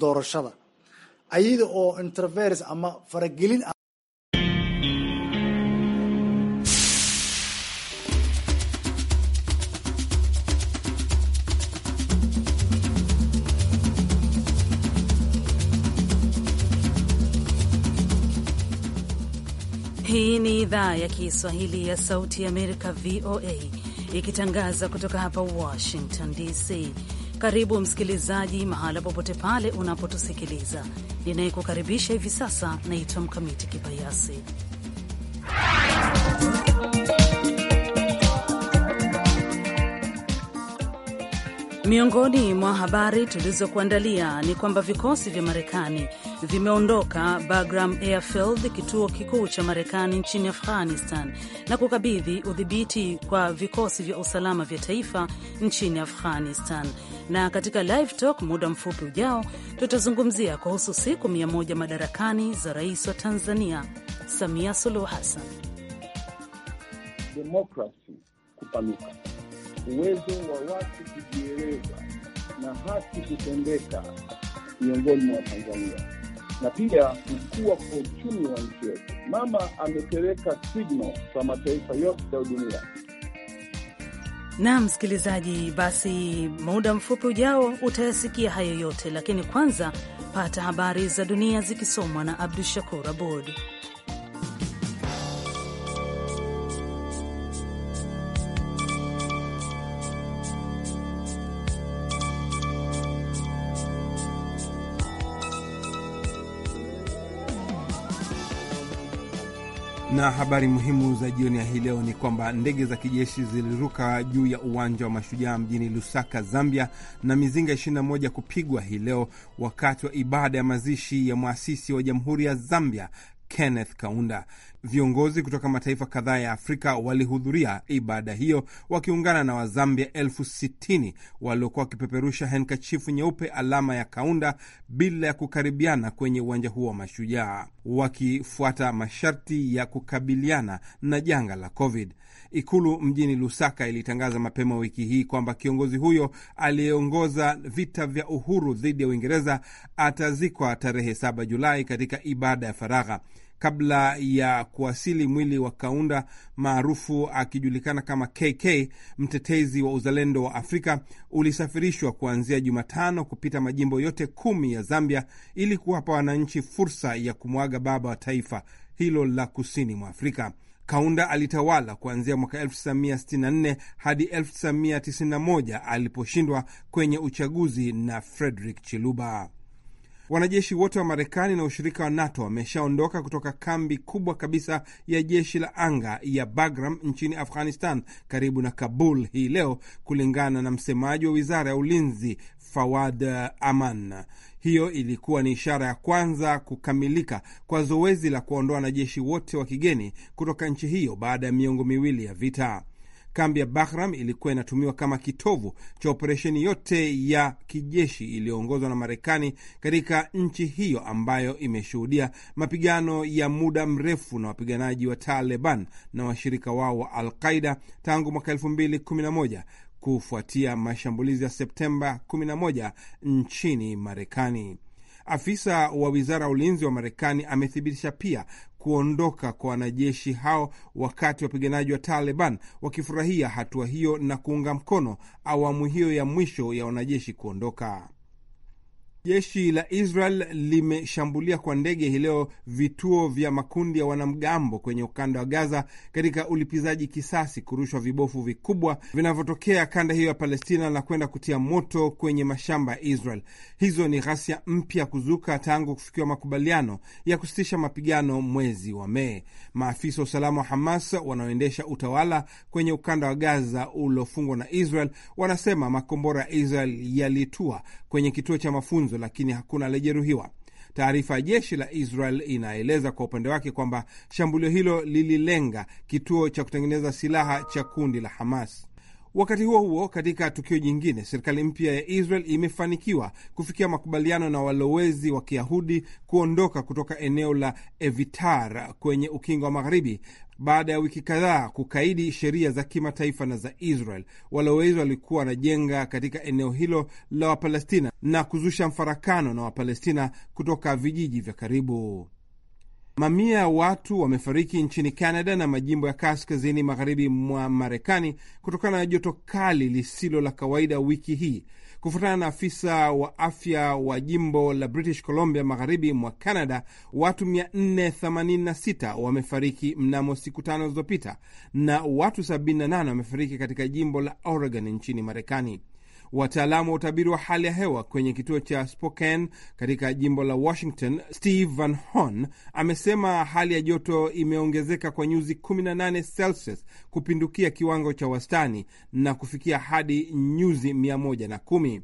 doorashada ayada oo interference ama faragelin Hii ni idhaa ya Kiswahili ya Sauti ya Amerika, VOA, ikitangaza kutoka hapa Washington DC. Karibu msikilizaji, mahala popote pale unapotusikiliza. Ninayekukaribisha hivi sasa naitwa Mkamiti Kibayasi. Miongoni mwa habari tulizokuandalia ni kwamba vikosi vya Marekani vimeondoka Bagram Airfield, kituo kikuu cha Marekani nchini Afghanistan, na kukabidhi udhibiti kwa vikosi vya usalama vya taifa nchini Afghanistan. Na katika Live Talk muda mfupi ujao, tutazungumzia kuhusu siku mia moja madarakani za rais wa Tanzania Samia Suluhu Hassan. Demokrasi kupanuka uwezo wa watu kujieleza na haki kutendeka miongoni mwa tanzania na pia kukua kwa uchumi wa nchi yetu. Mama amepeleka signal kwa mataifa yote ya dunia. Na msikilizaji, basi muda mfupi ujao utayasikia hayo yote, lakini kwanza pata habari za dunia zikisomwa na Abdu Shakur Abud. Na habari muhimu za jioni ya hii leo ni kwamba ndege za kijeshi ziliruka juu ya uwanja wa mashujaa mjini Lusaka, Zambia, na mizinga 21 kupigwa hii leo wakati wa ibada ya mazishi ya mwasisi wa jamhuri ya Zambia Kenneth Kaunda. Viongozi kutoka mataifa kadhaa ya Afrika walihudhuria ibada hiyo wakiungana na Wazambia elfu sitini waliokuwa wakipeperusha henkachifu nyeupe alama ya Kaunda bila ya kukaribiana kwenye uwanja huo wa Mashujaa, wakifuata masharti ya kukabiliana na janga la COVID. Ikulu mjini Lusaka ilitangaza mapema wiki hii kwamba kiongozi huyo aliyeongoza vita vya uhuru dhidi ya Uingereza atazikwa tarehe 7 Julai katika ibada ya faragha kabla ya kuwasili mwili wa Kaunda maarufu akijulikana kama KK, mtetezi wa uzalendo wa Afrika, ulisafirishwa kuanzia Jumatano kupita majimbo yote kumi ya Zambia ili kuwapa wananchi fursa ya kumwaga baba wa taifa hilo la kusini mwa Afrika. Kaunda alitawala kuanzia mwaka 1964 hadi 1991 aliposhindwa kwenye uchaguzi na Frederick Chiluba. Wanajeshi wote wa Marekani na ushirika wa NATO wameshaondoka kutoka kambi kubwa kabisa ya jeshi la anga ya Bagram nchini Afghanistan, karibu na Kabul hii leo, kulingana na msemaji wa wizara ya ulinzi Fawad Aman. Hiyo ilikuwa ni ishara ya kwanza kukamilika kwa zoezi la kuondoa wanajeshi wote wa kigeni kutoka nchi hiyo baada ya miongo miwili ya vita. Kambi ya Bahram ilikuwa inatumiwa kama kitovu cha operesheni yote ya kijeshi iliyoongozwa na Marekani katika nchi hiyo ambayo imeshuhudia mapigano ya muda mrefu na wapiganaji wa Taliban na washirika wao wa Al Qaida tangu mwaka 2011 kufuatia mashambulizi ya Septemba 11 nchini Marekani. Afisa wa wizara ya ulinzi wa Marekani amethibitisha pia kuondoka kwa wanajeshi hao, wakati wapiganaji wa Taliban wakifurahia hatua hiyo na kuunga mkono awamu hiyo ya mwisho ya wanajeshi kuondoka. Jeshi la Israel limeshambulia kwa ndege hii leo vituo vya makundi ya wanamgambo kwenye ukanda wa Gaza katika ulipizaji kisasi kurushwa vibofu vikubwa vinavyotokea kanda hiyo ya Palestina na kwenda kutia moto kwenye mashamba ya Israel. Hizo ni ghasia mpya kuzuka tangu kufikiwa makubaliano ya kusitisha mapigano mwezi wa Mei. Maafisa wa usalama wa Hamas wanaoendesha utawala kwenye ukanda wa Gaza uliofungwa na Israel wanasema makombora ya Israel yalitua kwenye kituo cha mafunzo mafunzo, lakini hakuna aliyejeruhiwa. Taarifa ya jeshi la Israel inaeleza kwa upande wake kwamba shambulio hilo lililenga kituo cha kutengeneza silaha cha kundi la Hamas. Wakati huo huo, katika tukio jingine, serikali mpya ya Israel imefanikiwa kufikia makubaliano na walowezi wa Kiyahudi kuondoka kutoka eneo la Evitar kwenye ukingo wa Magharibi baada ya wiki kadhaa kukaidi sheria za kimataifa na za Israel. Walowezi walikuwa wanajenga katika eneo hilo la Wapalestina na kuzusha mfarakano na Wapalestina kutoka vijiji vya karibu. Mamia ya watu wamefariki nchini Canada na majimbo ya kaskazini magharibi mwa Marekani kutokana na joto kali lisilo la kawaida wiki hii, kufuatana na afisa wa afya wa jimbo la British Columbia magharibi mwa Canada. Watu 486 wamefariki mnamo siku tano zilizopita na watu 78 wamefariki katika jimbo la Oregon nchini Marekani. Wataalamu wa utabiri wa hali ya hewa kwenye kituo cha Spokane katika jimbo la Washington, Steve Van Horn amesema hali ya joto imeongezeka kwa nyuzi 18 Celsius kupindukia kiwango cha wastani na kufikia hadi nyuzi 110.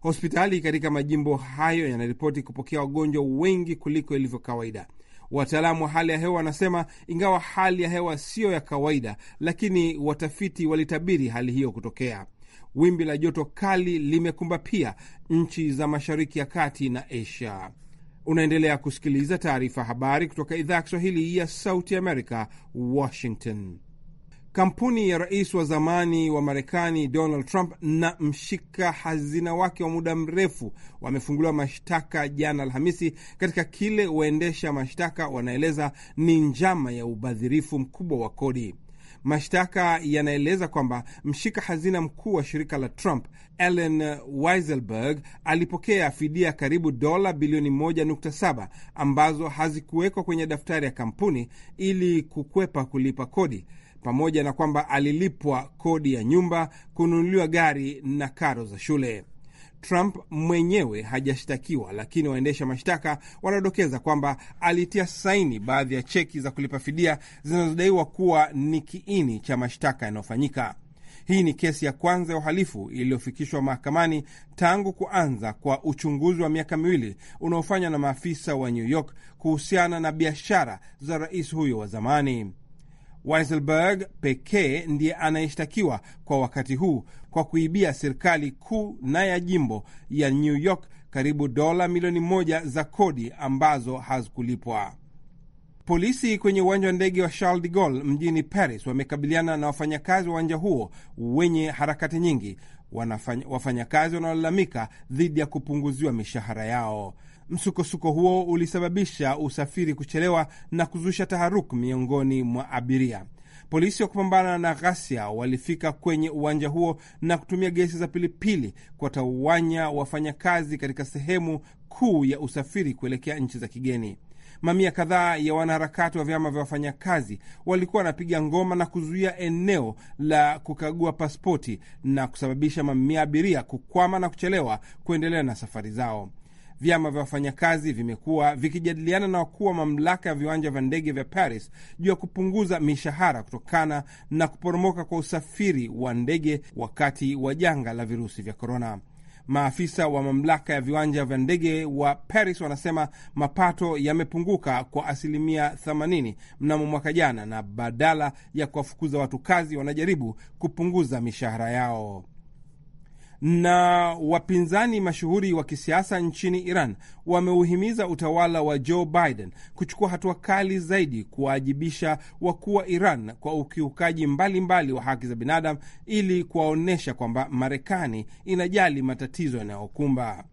Hospitali katika majimbo hayo yanaripoti kupokea wagonjwa wengi kuliko ilivyo kawaida. Wataalamu wa hali ya hewa wanasema ingawa hali ya hewa siyo ya kawaida, lakini watafiti walitabiri hali hiyo kutokea wimbi la joto kali limekumba pia nchi za Mashariki ya Kati na Asia. Unaendelea kusikiliza taarifa habari kutoka idhaa ya Kiswahili ya Sauti Amerika, Washington. Kampuni ya rais wa zamani wa Marekani Donald Trump na mshika hazina wake wa muda mrefu wamefunguliwa mashtaka jana Alhamisi katika kile waendesha mashtaka wanaeleza ni njama ya ubadhirifu mkubwa wa kodi. Mashtaka yanaeleza kwamba mshika hazina mkuu wa shirika la Trump Allen Weiselberg alipokea fidia karibu dola bilioni 1.7 ambazo hazikuwekwa kwenye daftari ya kampuni ili kukwepa kulipa kodi, pamoja na kwamba alilipwa kodi ya nyumba, kununuliwa gari na karo za shule. Trump mwenyewe hajashtakiwa, lakini waendesha mashtaka wanadokeza kwamba alitia saini baadhi ya cheki za kulipa fidia zinazodaiwa kuwa ni kiini cha mashtaka yanayofanyika. Hii ni kesi ya kwanza ya uhalifu iliyofikishwa mahakamani tangu kuanza kwa uchunguzi wa miaka miwili unaofanywa na maafisa wa New York kuhusiana na biashara za rais huyo wa zamani. Weiselberg pekee ndiye anayeshtakiwa kwa wakati huu kwa kuibia serikali kuu na ya jimbo ya New York karibu dola milioni moja za kodi ambazo hazikulipwa. Polisi kwenye uwanja wa ndege wa Charles de Gaulle mjini Paris wamekabiliana na wafanyakazi wa uwanja huo wenye harakati nyingi, wafanyakazi wanaolalamika dhidi ya kupunguziwa mishahara yao. Msukosuko huo ulisababisha usafiri kuchelewa na kuzusha taharuku miongoni mwa abiria. Polisi wa kupambana na ghasia walifika kwenye uwanja huo na kutumia gesi za pilipili kuwatawanya wafanyakazi katika sehemu kuu ya usafiri kuelekea nchi za kigeni. Mamia kadhaa ya wanaharakati wa vyama vya wafanyakazi walikuwa wanapiga ngoma na kuzuia eneo la kukagua pasipoti na kusababisha mamia abiria kukwama na kuchelewa kuendelea na safari zao vyama vya wafanyakazi vimekuwa vikijadiliana na wakuu wa mamlaka ya viwanja vya ndege vya Paris juu ya kupunguza mishahara kutokana na kuporomoka kwa usafiri wa ndege wakati wa janga la virusi vya korona. Maafisa wa mamlaka ya viwanja vya ndege wa Paris wanasema mapato yamepunguka kwa asilimia 80 mnamo mwaka jana, na badala ya kuwafukuza watu kazi wanajaribu kupunguza mishahara yao na wapinzani mashuhuri wa kisiasa nchini Iran wameuhimiza utawala wa Joe Biden kuchukua hatua kali zaidi kuwaajibisha wakuu wa Iran kwa ukiukaji mbalimbali mbali wa haki za binadamu ili kuwaonyesha kwamba Marekani inajali matatizo yanayokumba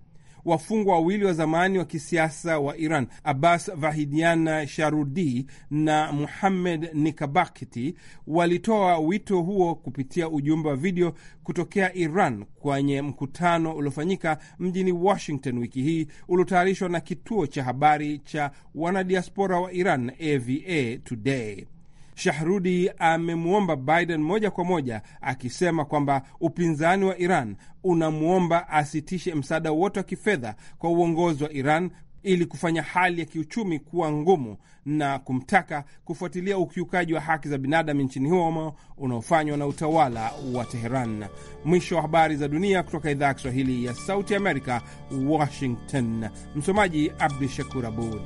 wafungwa wawili wa zamani wa kisiasa wa Iran, Abbas Vahidian Sharudi na Muhammed Nikabakti, walitoa wito huo kupitia ujumbe wa video kutokea Iran kwenye mkutano uliofanyika mjini Washington wiki hii uliotayarishwa na kituo cha habari cha wanadiaspora wa Iran, AVA Today. Shahrudi amemwomba Biden moja kwa moja akisema kwamba upinzani wa Iran unamwomba asitishe msaada wote wa kifedha kwa uongozi wa Iran ili kufanya hali ya kiuchumi kuwa ngumu na kumtaka kufuatilia ukiukaji wa haki za binadamu nchini humo unaofanywa na utawala wa Teheran. Mwisho wa habari za dunia kutoka idhaa ya Kiswahili ya Sauti Amerika, Washington. Msomaji Abdu Shakur Abud.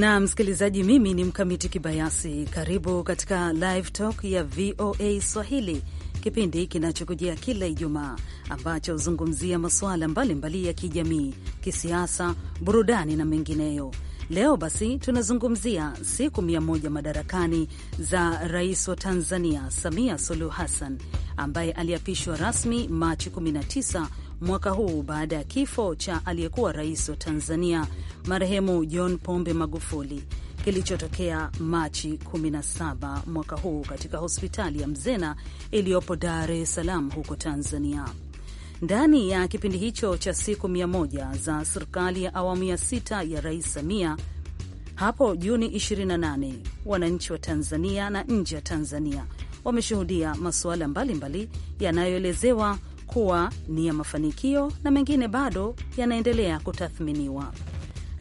na msikilizaji, mimi ni Mkamiti Kibayasi. Karibu katika Live Talk ya VOA Swahili, kipindi kinachokujia kila Ijumaa ambacho huzungumzia masuala mbalimbali ya kijamii, kisiasa, burudani na mengineyo. Leo basi tunazungumzia siku mia moja madarakani za rais wa Tanzania Samia Suluhu Hassan ambaye aliapishwa rasmi Machi 19 mwaka huu baada ya kifo cha aliyekuwa rais wa Tanzania marehemu John Pombe Magufuli kilichotokea Machi 17 mwaka huu katika hospitali ya Mzena iliyopo Dar es Salaam huko Tanzania. Ndani ya kipindi hicho cha siku 1 za serikali ya awamu ya sita ya Rais Samia hapo Juni 28, wananchi wa Tanzania na nje ya Tanzania wameshuhudia masuala mbalimbali yanayoelezewa kuwa ni ya mafanikio na mengine bado yanaendelea kutathminiwa.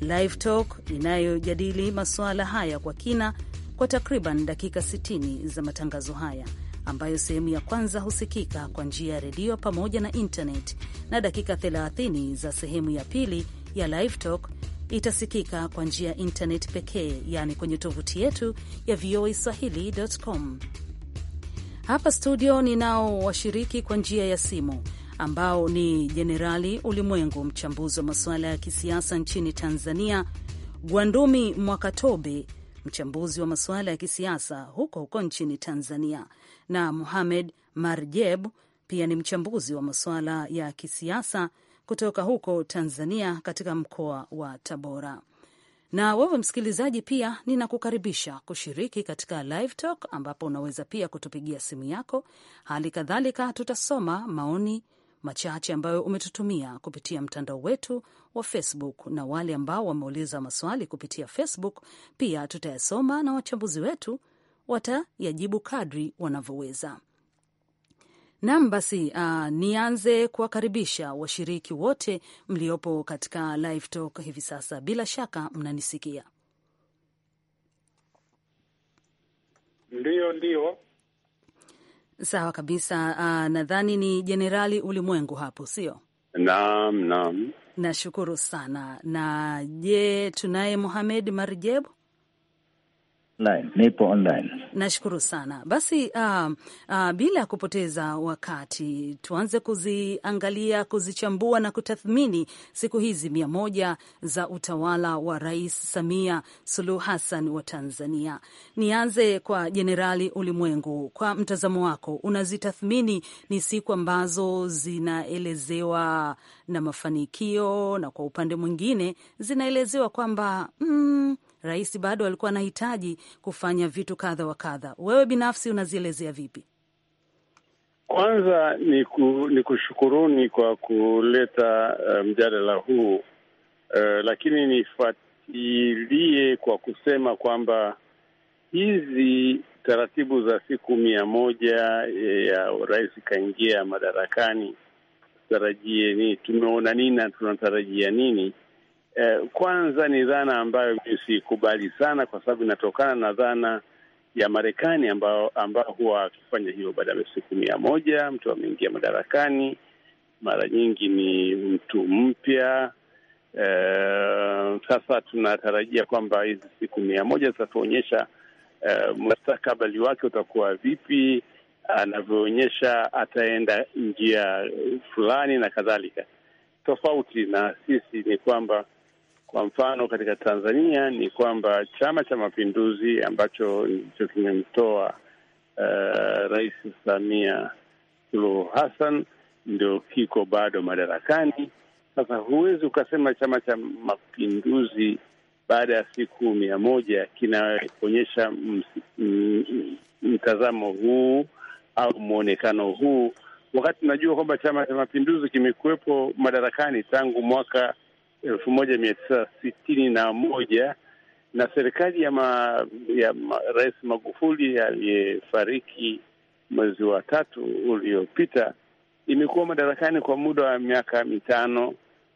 Live Talk inayojadili masuala haya kwa kina kwa takriban dakika 60 za matangazo haya ambayo sehemu ya kwanza husikika kwa njia ya redio pamoja na intaneti na dakika 30 za sehemu ya pili ya Live Talk itasikika kwa njia ya intaneti pekee, yaani kwenye tovuti yetu ya voaswahili.com. Hapa studio ninao washiriki kwa njia ya simu ambao ni Jenerali Ulimwengu, mchambuzi wa masuala ya kisiasa nchini Tanzania, Gwandumi Mwakatobe, mchambuzi wa masuala ya kisiasa huko huko nchini Tanzania, na Muhamed Marjeb, pia ni mchambuzi wa masuala ya kisiasa kutoka huko Tanzania, katika mkoa wa Tabora. Na wewe msikilizaji, pia ninakukaribisha kushiriki katika live talk, ambapo unaweza pia kutupigia simu yako. Hali kadhalika tutasoma maoni machache ambayo umetutumia kupitia mtandao wetu wa Facebook, na wale ambao wameuliza maswali kupitia Facebook pia tutayasoma na wachambuzi wetu watayajibu kadri wanavyoweza. Nam, basi uh, nianze kuwakaribisha washiriki wote mliopo katika live talk hivi sasa. Bila shaka mnanisikia. Ndiyo, ndiyo, sawa kabisa. Uh, nadhani ni Jenerali Ulimwengu hapo, sio? Naam, naam, nashukuru sana. Na je, tunaye muhamed Marjebu? online, nipo online. Nashukuru sana. Basi uh, uh, bila ya kupoteza wakati, tuanze kuziangalia, kuzichambua na kutathmini siku hizi mia moja za utawala wa Rais Samia Suluhu Hassan wa Tanzania. Nianze kwa Jenerali Ulimwengu, kwa mtazamo wako, unazitathmini ni siku ambazo zinaelezewa na mafanikio na kwa upande mwingine zinaelezewa kwamba mm, rais bado alikuwa anahitaji kufanya vitu kadha wa kadha. Wewe binafsi unazielezea vipi? Kwanza ni, ku, ni kushukuruni kwa kuleta eh, mjadala huu uh, lakini nifuatilie kwa kusema kwamba hizi taratibu za siku mia moja eh, ya rais kaingia madarakani, tutarajie nini? Tumeona nini na tunatarajia nini? Eh, kwanza ni dhana ambayo mimi sikubali sana, kwa sababu inatokana na dhana ya Marekani ambao ambao huwa akifanya hiyo baada ya siku mia moja mtu ameingia madarakani, mara nyingi ni mtu mpya. Eh, sasa tunatarajia kwamba hizi siku mia moja zitatuonyesha eh, mustakabali wake utakuwa vipi, anavyoonyesha ataenda njia fulani na kadhalika. Tofauti na sisi ni kwamba kwa mfano katika Tanzania ni kwamba Chama cha Mapinduzi ambacho ndicho kimemtoa uh, Rais Samia Suluhu Hassan ndio kiko bado madarakani. Sasa huwezi ukasema Chama cha Mapinduzi baada ya siku mia moja kinaonyesha mtazamo huu au mwonekano huu, wakati unajua kwamba Chama cha Mapinduzi kimekuwepo madarakani tangu mwaka elfu moja mia tisa sitini na moja na serikali ya, ma, ya ma, Rais Magufuli aliyefariki mwezi wa tatu uliopita imekuwa madarakani kwa muda wa miaka mitano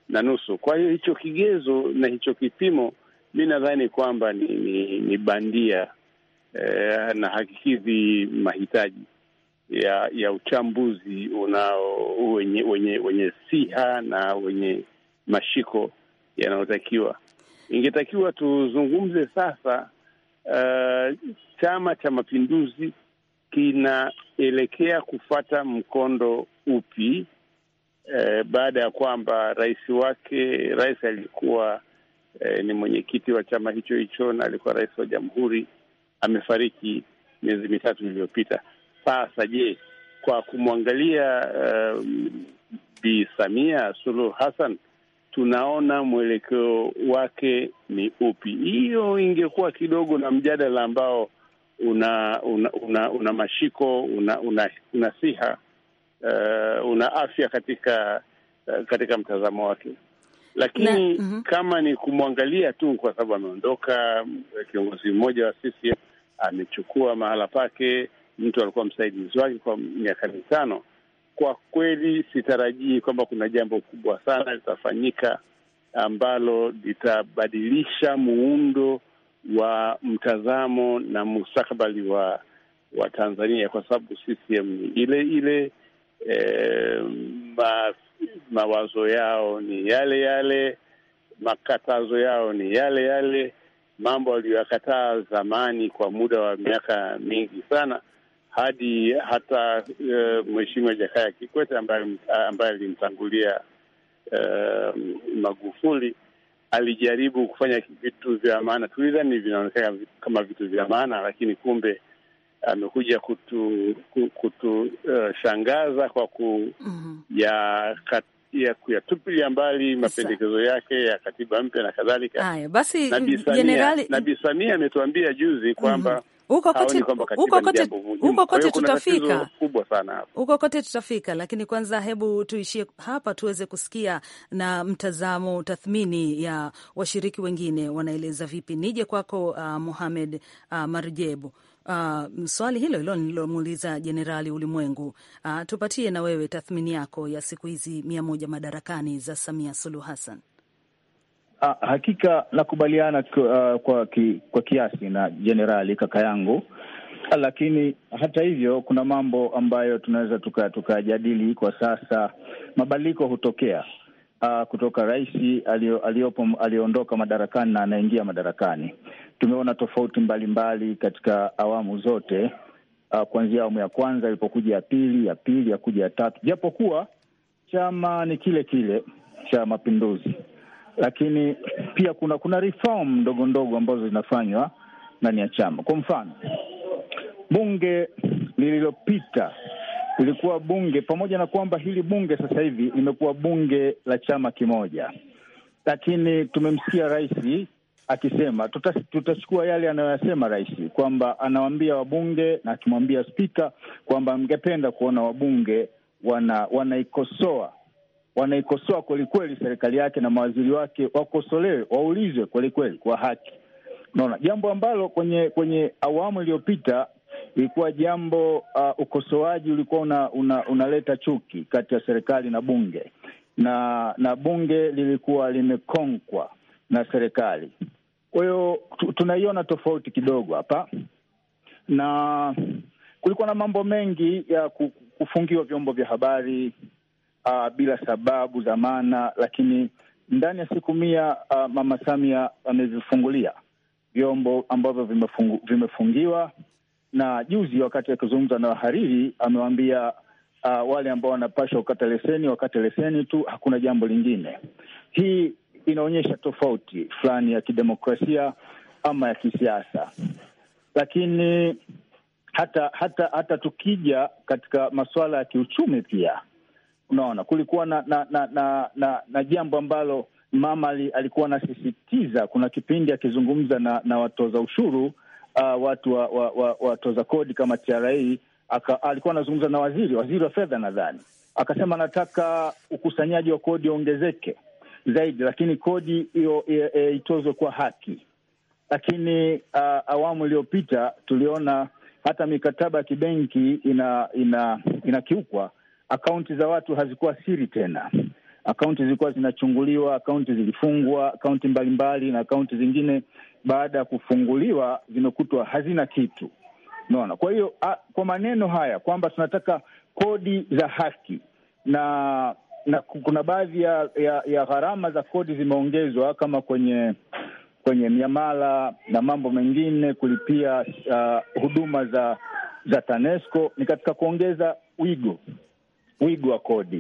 na nusu. Kwa hiyo hicho kigezo na hicho kipimo mi nadhani kwamba ni, ni, ni bandia eh, na hakikidhi mahitaji ya ya uchambuzi unao wenye wenye wenye siha na wenye mashiko yanayotakiwa. Ingetakiwa tuzungumze sasa, uh, Chama cha Mapinduzi kinaelekea kufata mkondo upi? E, baada ya kwamba rais wake rais alikuwa e, ni mwenyekiti wa chama hicho hicho na alikuwa rais wa jamhuri amefariki miezi mitatu iliyopita. Sasa je, kwa kumwangalia um, Bi Samia Suluhu Hassan tunaona mwelekeo wake ni upi. Hiyo ingekuwa kidogo na mjadala ambao una una, una, una mashiko una una, una siha uh, una afya katika uh, katika mtazamo wake, lakini na, mm -hmm. kama ni kumwangalia tu kwa sababu ameondoka kiongozi mmoja wa CCM amechukua mahala pake, mtu alikuwa msaidizi wake kwa miaka mitano kwa kweli sitarajii kwamba kuna jambo kubwa sana litafanyika ambalo litabadilisha muundo wa mtazamo na mustakabali wa wa Tanzania kwa sababu CCM ni ile ile e, ma, mawazo yao ni yale yale, makatazo yao ni yale yale, mambo aliyoyakataa zamani kwa muda wa miaka mingi sana hadi hata uh, Mheshimiwa Jakaya Kikwete ambaye ambaye alimtangulia uh, Magufuli alijaribu kufanya vitu vya maana. Tulidhani vinaonekana kama vitu vya maana, lakini kumbe amekuja kutushangaza kutu, uh, kwa ku mm -hmm. ya kat, ya kuyatupilia mbali mapendekezo yake ya katiba mpya na kadhalika. basi, Samia ametuambia juzi kwamba mm -hmm huko kote, huko kote, huko kote tutafika, kubwa sana huko kote tutafika, lakini kwanza hebu tuishie hapa tuweze kusikia na mtazamo, tathmini ya washiriki wengine wanaeleza vipi. Nije kwako uh, Mohamed uh, Marjebu. Uh, swali hilo hilo nililomuuliza Jenerali Ulimwengu. Uh, tupatie na wewe tathmini yako ya siku hizi mia moja madarakani za Samia Suluhu Hassan. Ha, ah, hakika nakubaliana uh, kwa, ki, kwa kiasi na jenerali kaka yangu, lakini hata hivyo kuna mambo ambayo tunaweza tukajadili tuka kwa sasa. Mabadiliko hutokea uh, kutoka rais aliyopo aliyoondoka madarakani na anaingia madarakani. Tumeona tofauti mbalimbali mbali katika awamu zote uh, kuanzia awamu ya kwanza ilipokuja ya pili ya pili ya kuja ya tatu, japokuwa chama ni kile kile cha Mapinduzi lakini pia kuna kuna reform ndogo ndogo ambazo zinafanywa ndani ya chama. Kwa mfano, bunge lililopita lilikuwa bunge, pamoja na kwamba hili bunge sasa hivi limekuwa bunge la chama kimoja, lakini tumemsikia rais akisema tutachukua yale anayoyasema rais, kwamba anawaambia wabunge na akimwambia spika kwamba mngependa kuona wabunge wana wanaikosoa wanaikosoa kwelikweli serikali yake na mawaziri wake wakosolewe, waulizwe kwelikweli kwa haki. Naona jambo ambalo kwenye kwenye awamu iliyopita ilikuwa jambo uh, ukosoaji ulikuwa una, una, unaleta chuki kati ya serikali na bunge na na bunge lilikuwa limekonkwa na serikali. Kwa hiyo tunaiona tofauti kidogo hapa, na kulikuwa na mambo mengi ya kufungiwa vyombo vya habari uh, bila sababu za maana, lakini ndani ya siku mia uh, Mama Samia amevifungulia vyombo ambavyo vimefungu, vimefungiwa. Na juzi wakati akizungumza na wahariri amewaambia uh, wale ambao wanapasha kukata leseni wakate leseni tu, hakuna jambo lingine. Hii inaonyesha tofauti fulani ya kidemokrasia ama ya kisiasa, lakini hata hata hata tukija katika masuala ya kiuchumi pia Unaona, kulikuwa na na na na, na, na jambo ambalo mama li, alikuwa anasisitiza. Kuna kipindi akizungumza na, na watoza ushuru uh, watu wa, wa, wa, watoza kodi kama TRA aka, alikuwa anazungumza na waziri waziri wa fedha nadhani, akasema anataka ukusanyaji wa kodi ongezeke zaidi, lakini kodi hiyo e, itozwe kwa haki. Lakini uh, awamu iliyopita tuliona hata mikataba ya kibenki ina, ina, inakiukwa akaunti za watu hazikuwa siri tena. Akaunti zilikuwa zinachunguliwa, akaunti zilifungwa, akaunti mbalimbali, na akaunti zingine baada ya kufunguliwa zimekutwa hazina kitu. Unaona, kwa hiyo kwa maneno haya kwamba tunataka kodi za haki na na kuna baadhi ya, ya, ya gharama za kodi zimeongezwa kama kwenye kwenye miamala na mambo mengine, kulipia uh, huduma za za TANESCO ni katika kuongeza wigo wigo wa kodi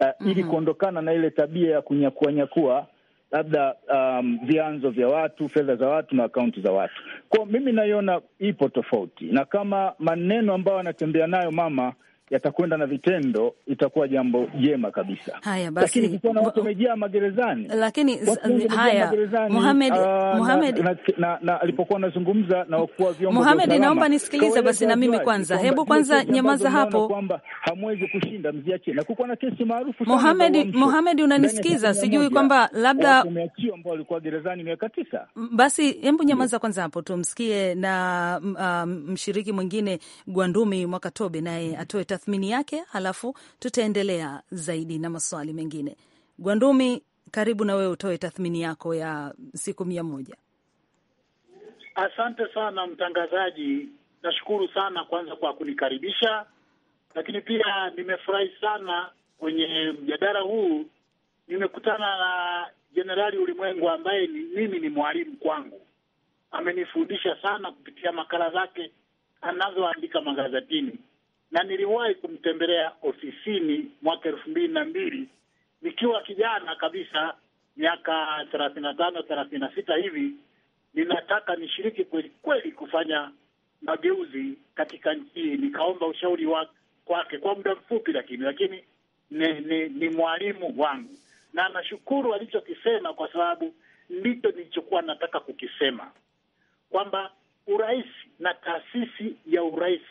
uh, mm -hmm. ili mhm. kuondokana na ile tabia ya kunyakuanyakua labda um, vyanzo vya watu, fedha za watu na akaunti za watu. kwao. mimi naiona ipo tofauti, na kama maneno ambayo anatembea nayo mama yatakwenda na vitendo, itakuwa jambo jema kabisa. Haya basi, lakini kukiwa na watu wamejaa magerezani, lakini haya Muhammad, ah, Muhammad na na, na, alipokuwa anazungumza na wakuu wa vyombo vya naomba nisikilize basi na mimi kwanza, hebu kwanza nyamaza hapo, kwamba hamwezi kushinda, mziache. Na kukuwa na kesi maarufu Muhammad, Muhammad unanisikiza? Sijui kwamba labda umeachiwa ambao walikuwa gerezani miaka tisa. Basi hebu nyamaza kwanza hapo, tumsikie na ah, mshiriki mwingine Gwandumi Mwakatobe, naye atoe tathmini yake, halafu tutaendelea zaidi na maswali mengine. Gwandumi, karibu na wewe utoe tathmini yako ya siku mia moja. Asante sana mtangazaji, nashukuru sana kwanza kwa kunikaribisha, lakini pia nimefurahi sana kwenye mjadala huu. Nimekutana na Jenerali Ulimwengu ambaye ni, mimi ni mwalimu kwangu, amenifundisha sana kupitia makala zake anazoandika magazetini na niliwahi kumtembelea ofisini mwaka elfu mbili na mbili nikiwa kijana kabisa, miaka thelathini na tano thelathini na sita hivi. Ninataka nishiriki kweli kweli kufanya mageuzi katika nchi hii, nikaomba ushauri wa kwake kwa muda mfupi, lakini lakini ni, ni, ni mwalimu wangu na nashukuru alichokisema kwa sababu ndicho nilichokuwa nataka kukisema kwamba urais na taasisi ya urais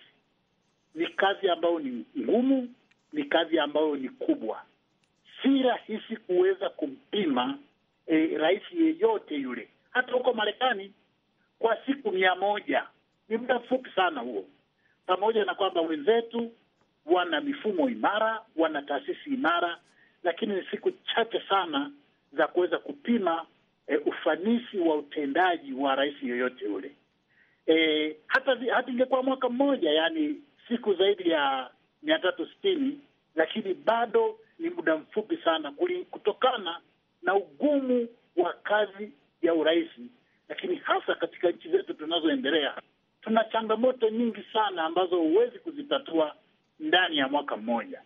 ni kazi ambayo ni ngumu, ni kazi ambayo ni kubwa, si rahisi kuweza kumpima e, rais yeyote yule, hata huko Marekani kwa siku mia moja ni muda mfupi sana huo, pamoja na kwamba wenzetu wana mifumo imara, wana taasisi imara, lakini ni siku chache sana za kuweza kupima e, ufanisi wa utendaji wa rais yoyote yule. E, hata hata ingekuwa mwaka mmoja, yani siku zaidi ya mia tatu sitini lakini bado ni muda mfupi sana kutokana na ugumu wa kazi ya urais. Lakini hasa katika nchi zetu tunazoendelea, tuna changamoto nyingi sana ambazo huwezi kuzitatua ndani ya mwaka mmoja.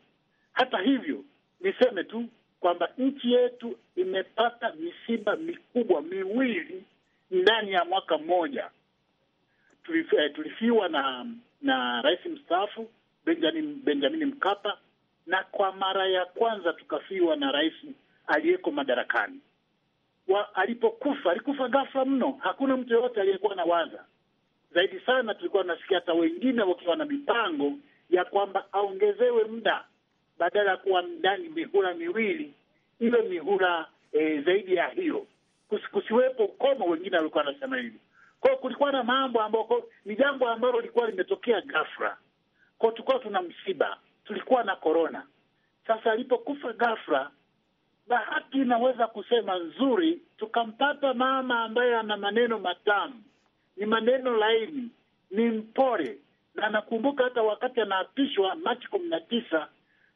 Hata hivyo, niseme tu kwamba nchi yetu imepata misiba mikubwa miwili ndani ya mwaka mmoja. Tulifiwa na na rais mstaafu Benjamin, Benjamin Mkapa, na kwa mara ya kwanza tukafiwa na rais aliyeko madarakani wa, alipokufa alikufa ghafla mno. Hakuna mtu yoyote aliyekuwa na waza zaidi sana. Tulikuwa nasikia hata wengine wakiwa na mipango ya kwamba aongezewe muda badala ya kuwa ndani mihula miwili iwe mihula e, zaidi ya hiyo, kusiwepo ukomo. Wengine walikuwa wanasema hivi, Kwao kulikuwa na mambo ambayo ni jambo ambalo lilikuwa limetokea ghafla. Kwao tulikuwa tuna msiba, tulikuwa na korona. Sasa alipokufa ghafla, bahati inaweza kusema nzuri, tukampata mama ambaye ana maneno matamu, ni maneno laini, ni mpole, na nakumbuka hata wakati anaapishwa Machi kumi na tisa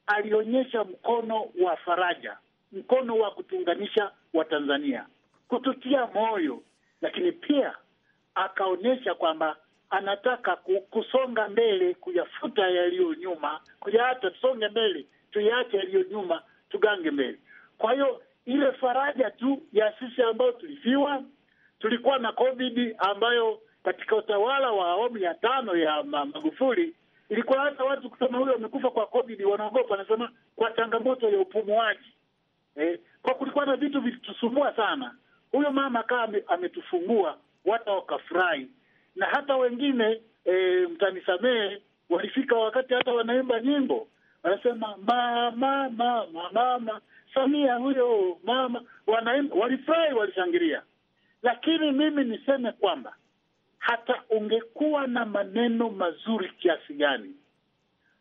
alionyesha mkono wa faraja, mkono wa kutunganisha Watanzania, kututia moyo, lakini pia akaonyesha kwamba anataka kusonga mbele, kuyafuta yaliyo nyuma, kuyaacha. Tusonge mbele, tuyaache yaliyo nyuma, tugange mbele. Kwa hiyo ile faraja tu ya sisi ambayo tulifiwa, tulikuwa na COVID ambayo katika utawala wa awamu ya tano ya Magufuli ilikuwa hata watu kusema huyo amekufa kwa COVID, wanaogopa, wanasema kwa changamoto ya upumuaji eh, kwa kulikuwa na vitu vilitusumbua sana. Huyo mama kaa ametufungua wata wakafurahi, na hata wengine e, mtanisamehe, walifika wakati hata wanaimba nyimbo wanasema mama mama mama Samia huyo mama, wanaimba walifurahi, walishangilia. Lakini mimi niseme kwamba hata ungekuwa na maneno mazuri kiasi gani,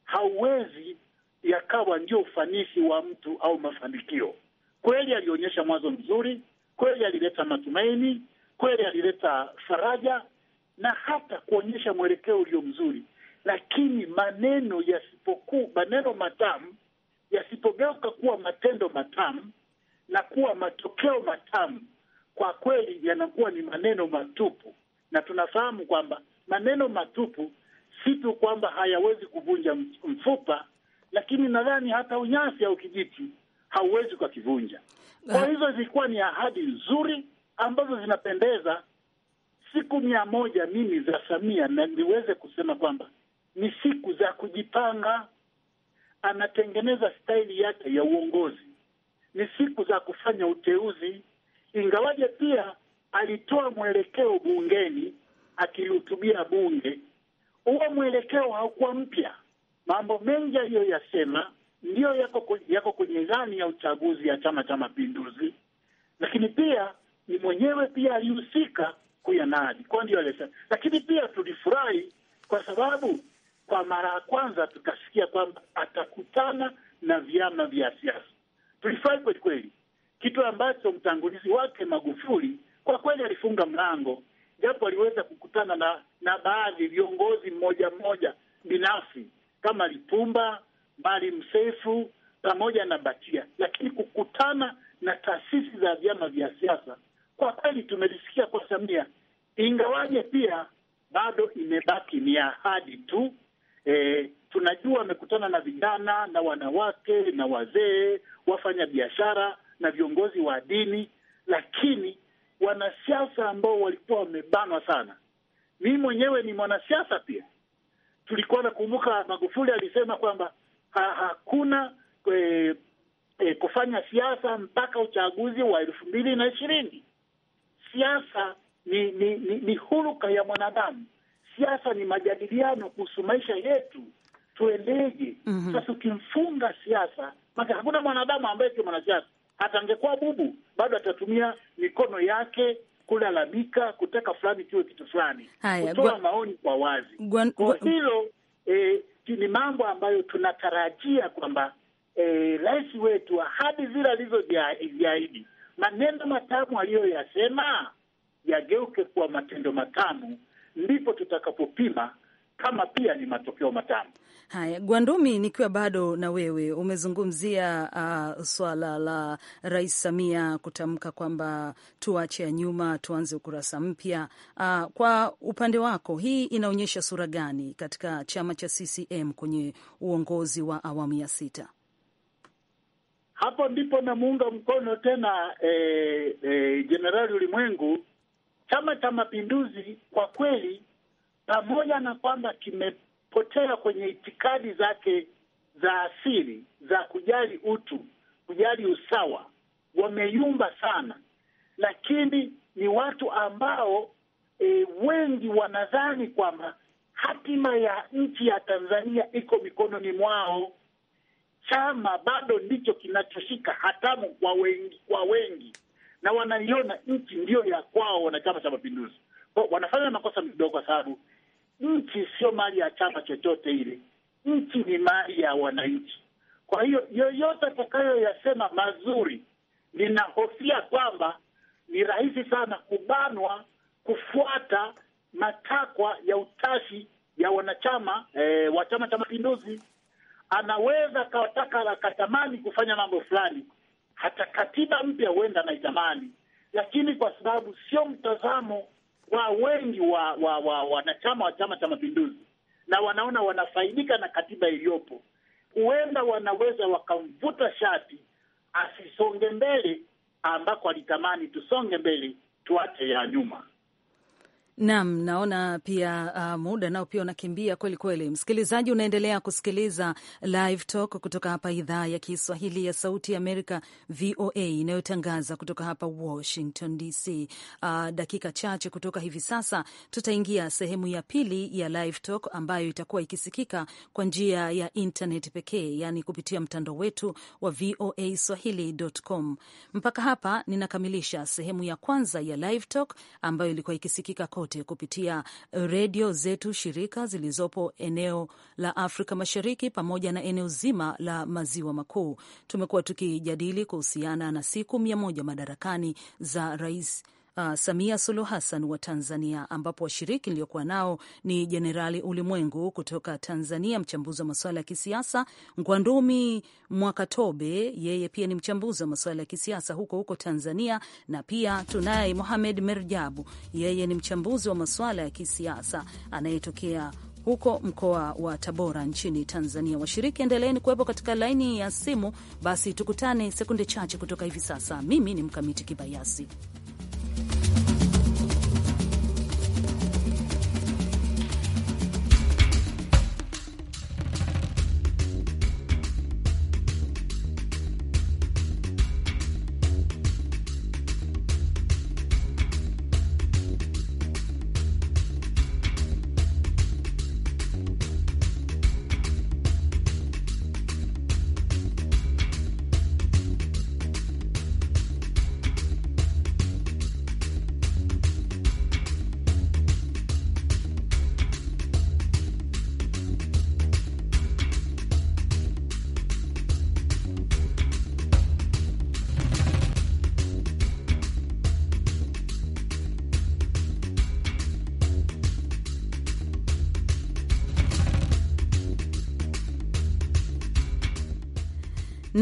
hauwezi yakawa ndio ufanisi wa mtu au mafanikio. Kweli alionyesha mwanzo mzuri, kweli alileta matumaini, kweli alileta faraja na hata kuonyesha mwelekeo ulio mzuri, lakini maneno yasipokuwa maneno matamu yasipogeuka kuwa matendo matamu na kuwa matokeo matamu, kwa kweli yanakuwa ni maneno matupu, na tunafahamu kwamba maneno matupu si tu kwamba hayawezi kuvunja mfupa, lakini nadhani hata unyasi au kijiti hauwezi kivunja. Kwa ah. hizo zilikuwa ni ahadi nzuri ambazo zinapendeza siku mia moja mimi za Samia, na niweze kusema kwamba ni siku za kujipanga. Anatengeneza staili yake ya uongozi, ni siku za kufanya uteuzi, ingawaje pia alitoa mwelekeo bungeni akilihutubia bunge. Huo mwelekeo haukuwa mpya. Mambo mengi aliyoyasema ndiyo yako, yako kwenye ilani ya uchaguzi ya Chama cha Mapinduzi, lakini pia ni mwenyewe pia alihusika kuyanadi, kwa ndio alisema. Lakini pia tulifurahi kwa sababu kwa mara ya kwanza tukasikia kwamba atakutana na vyama vya siasa. Tulifurahi kweli kweli, kitu ambacho mtangulizi wake Magufuli kwa kweli alifunga mlango, japo aliweza kukutana na na baadhi viongozi mmoja mmoja binafsi kama Lipumba, Maalim Seif pamoja na Batia, lakini kukutana na taasisi za vyama vya siasa kwa kweli tumelisikia kwa Samia, ingawaje pia bado imebaki ni ahadi tu. E, tunajua amekutana na vijana na wanawake na wazee, wafanya biashara na viongozi wa dini, lakini wanasiasa ambao walikuwa wamebanwa sana. Mimi mwenyewe ni mwanasiasa pia, tulikuwa nakumbuka Magufuli alisema kwamba ha hakuna e, e, kufanya siasa mpaka uchaguzi wa elfu mbili na ishirini siasa ni ni, ni ni huruka ya mwanadamu. Siasa ni majadiliano kuhusu maisha yetu, tuendeje? mm -hmm. Sasa ukimfunga siasa, maana hakuna mwanadamu ambaye sio mwanasiasa. Hata angekuwa bubu, bado atatumia mikono yake kulalamika, kutaka fulani kiwe kitu fulani, kutoa maoni kwa wazi. Kwa hilo eh, ni mambo ambayo tunatarajia kwamba eh, rais wetu ahadi zile alizoziahidi maneno matamu aliyoyasema yageuke kuwa matendo matamu, ndipo tutakapopima kama pia ni matokeo matamu. Haya, Gwandumi, nikiwa bado na wewe, umezungumzia uh, swala la Rais Samia kutamka kwamba tuache ya nyuma, tuanze ukurasa mpya. Uh, kwa upande wako hii inaonyesha sura gani katika chama cha CCM kwenye uongozi wa awamu ya sita? Hapo ndipo namuunga mkono tena Jenerali eh, eh, e, Ulimwengu. Chama cha Mapinduzi kwa kweli, pamoja na kwamba kimepotea kwenye itikadi zake za asili za kujali utu, kujali usawa, wameyumba sana, lakini ni watu ambao e, wengi wanadhani kwamba hatima ya nchi ya Tanzania iko mikononi mwao chama bado ndicho kinachoshika hatamu kwa wengi, kwa wengi, na wanaiona nchi ndiyo ya kwao wana Chama cha Mapinduzi. Wanafanya makosa mdogo, kwa sababu nchi sio mali ya chama chochote ile. Nchi ni mali ya wananchi. Kwa hiyo yoyote atakayoyasema mazuri, ninahofia kwamba ni rahisi sana kubanwa kufuata matakwa ya utashi ya wanachama eh, wa Chama cha Mapinduzi anaweza kawataka akatamani kufanya mambo fulani, hata katiba mpya huenda anaitamani, lakini kwa sababu sio mtazamo wa wengi wa wanachama wa, wa, wa Chama cha Mapinduzi na wanaona wanafaidika na katiba iliyopo, huenda wanaweza wakamvuta shati asisonge mbele ambako alitamani tusonge mbele, tuache ya nyuma. Nam, naona pia uh, muda nao pia unakimbia kweli kweli. Msikilizaji, unaendelea kusikiliza Live Talk kutoka hapa idhaa ya Kiswahili ya Sauti ya Amerika, VOA, inayotangaza kutoka hapa Washington DC. Uh, dakika chache kutoka hivi sasa tutaingia sehemu ya pili ya Live Talk ambayo itakuwa ikisikika kwa njia ya internet pekee, yaani kupitia mtandao wetu wa VOA swahili.com. Mpaka hapa ninakamilisha sehemu ya kwanza ya Live Talk ambayo ilikuwa ikisikika kwa kote kupitia redio zetu shirika zilizopo eneo la Afrika Mashariki pamoja na eneo zima la Maziwa Makuu. Tumekuwa tukijadili kuhusiana na siku mia moja madarakani za Rais uh, Samia Suluhu Hassan wa Tanzania, ambapo washiriki niliokuwa nao ni Jenerali Ulimwengu kutoka Tanzania, mchambuzi wa masuala ya kisiasa, Ngwandumi Mwakatobe, yeye pia ni mchambuzi wa masuala ya kisiasa huko huko Tanzania, na pia tunaye Mohamed Merjabu, yeye ni mchambuzi wa masuala ya kisiasa anayetokea huko mkoa wa Tabora nchini Tanzania. Washiriki, endeleeni kuwepo katika laini ya simu. Basi tukutane sekunde chache kutoka hivi sasa. Mimi ni Mkamiti Kibayasi.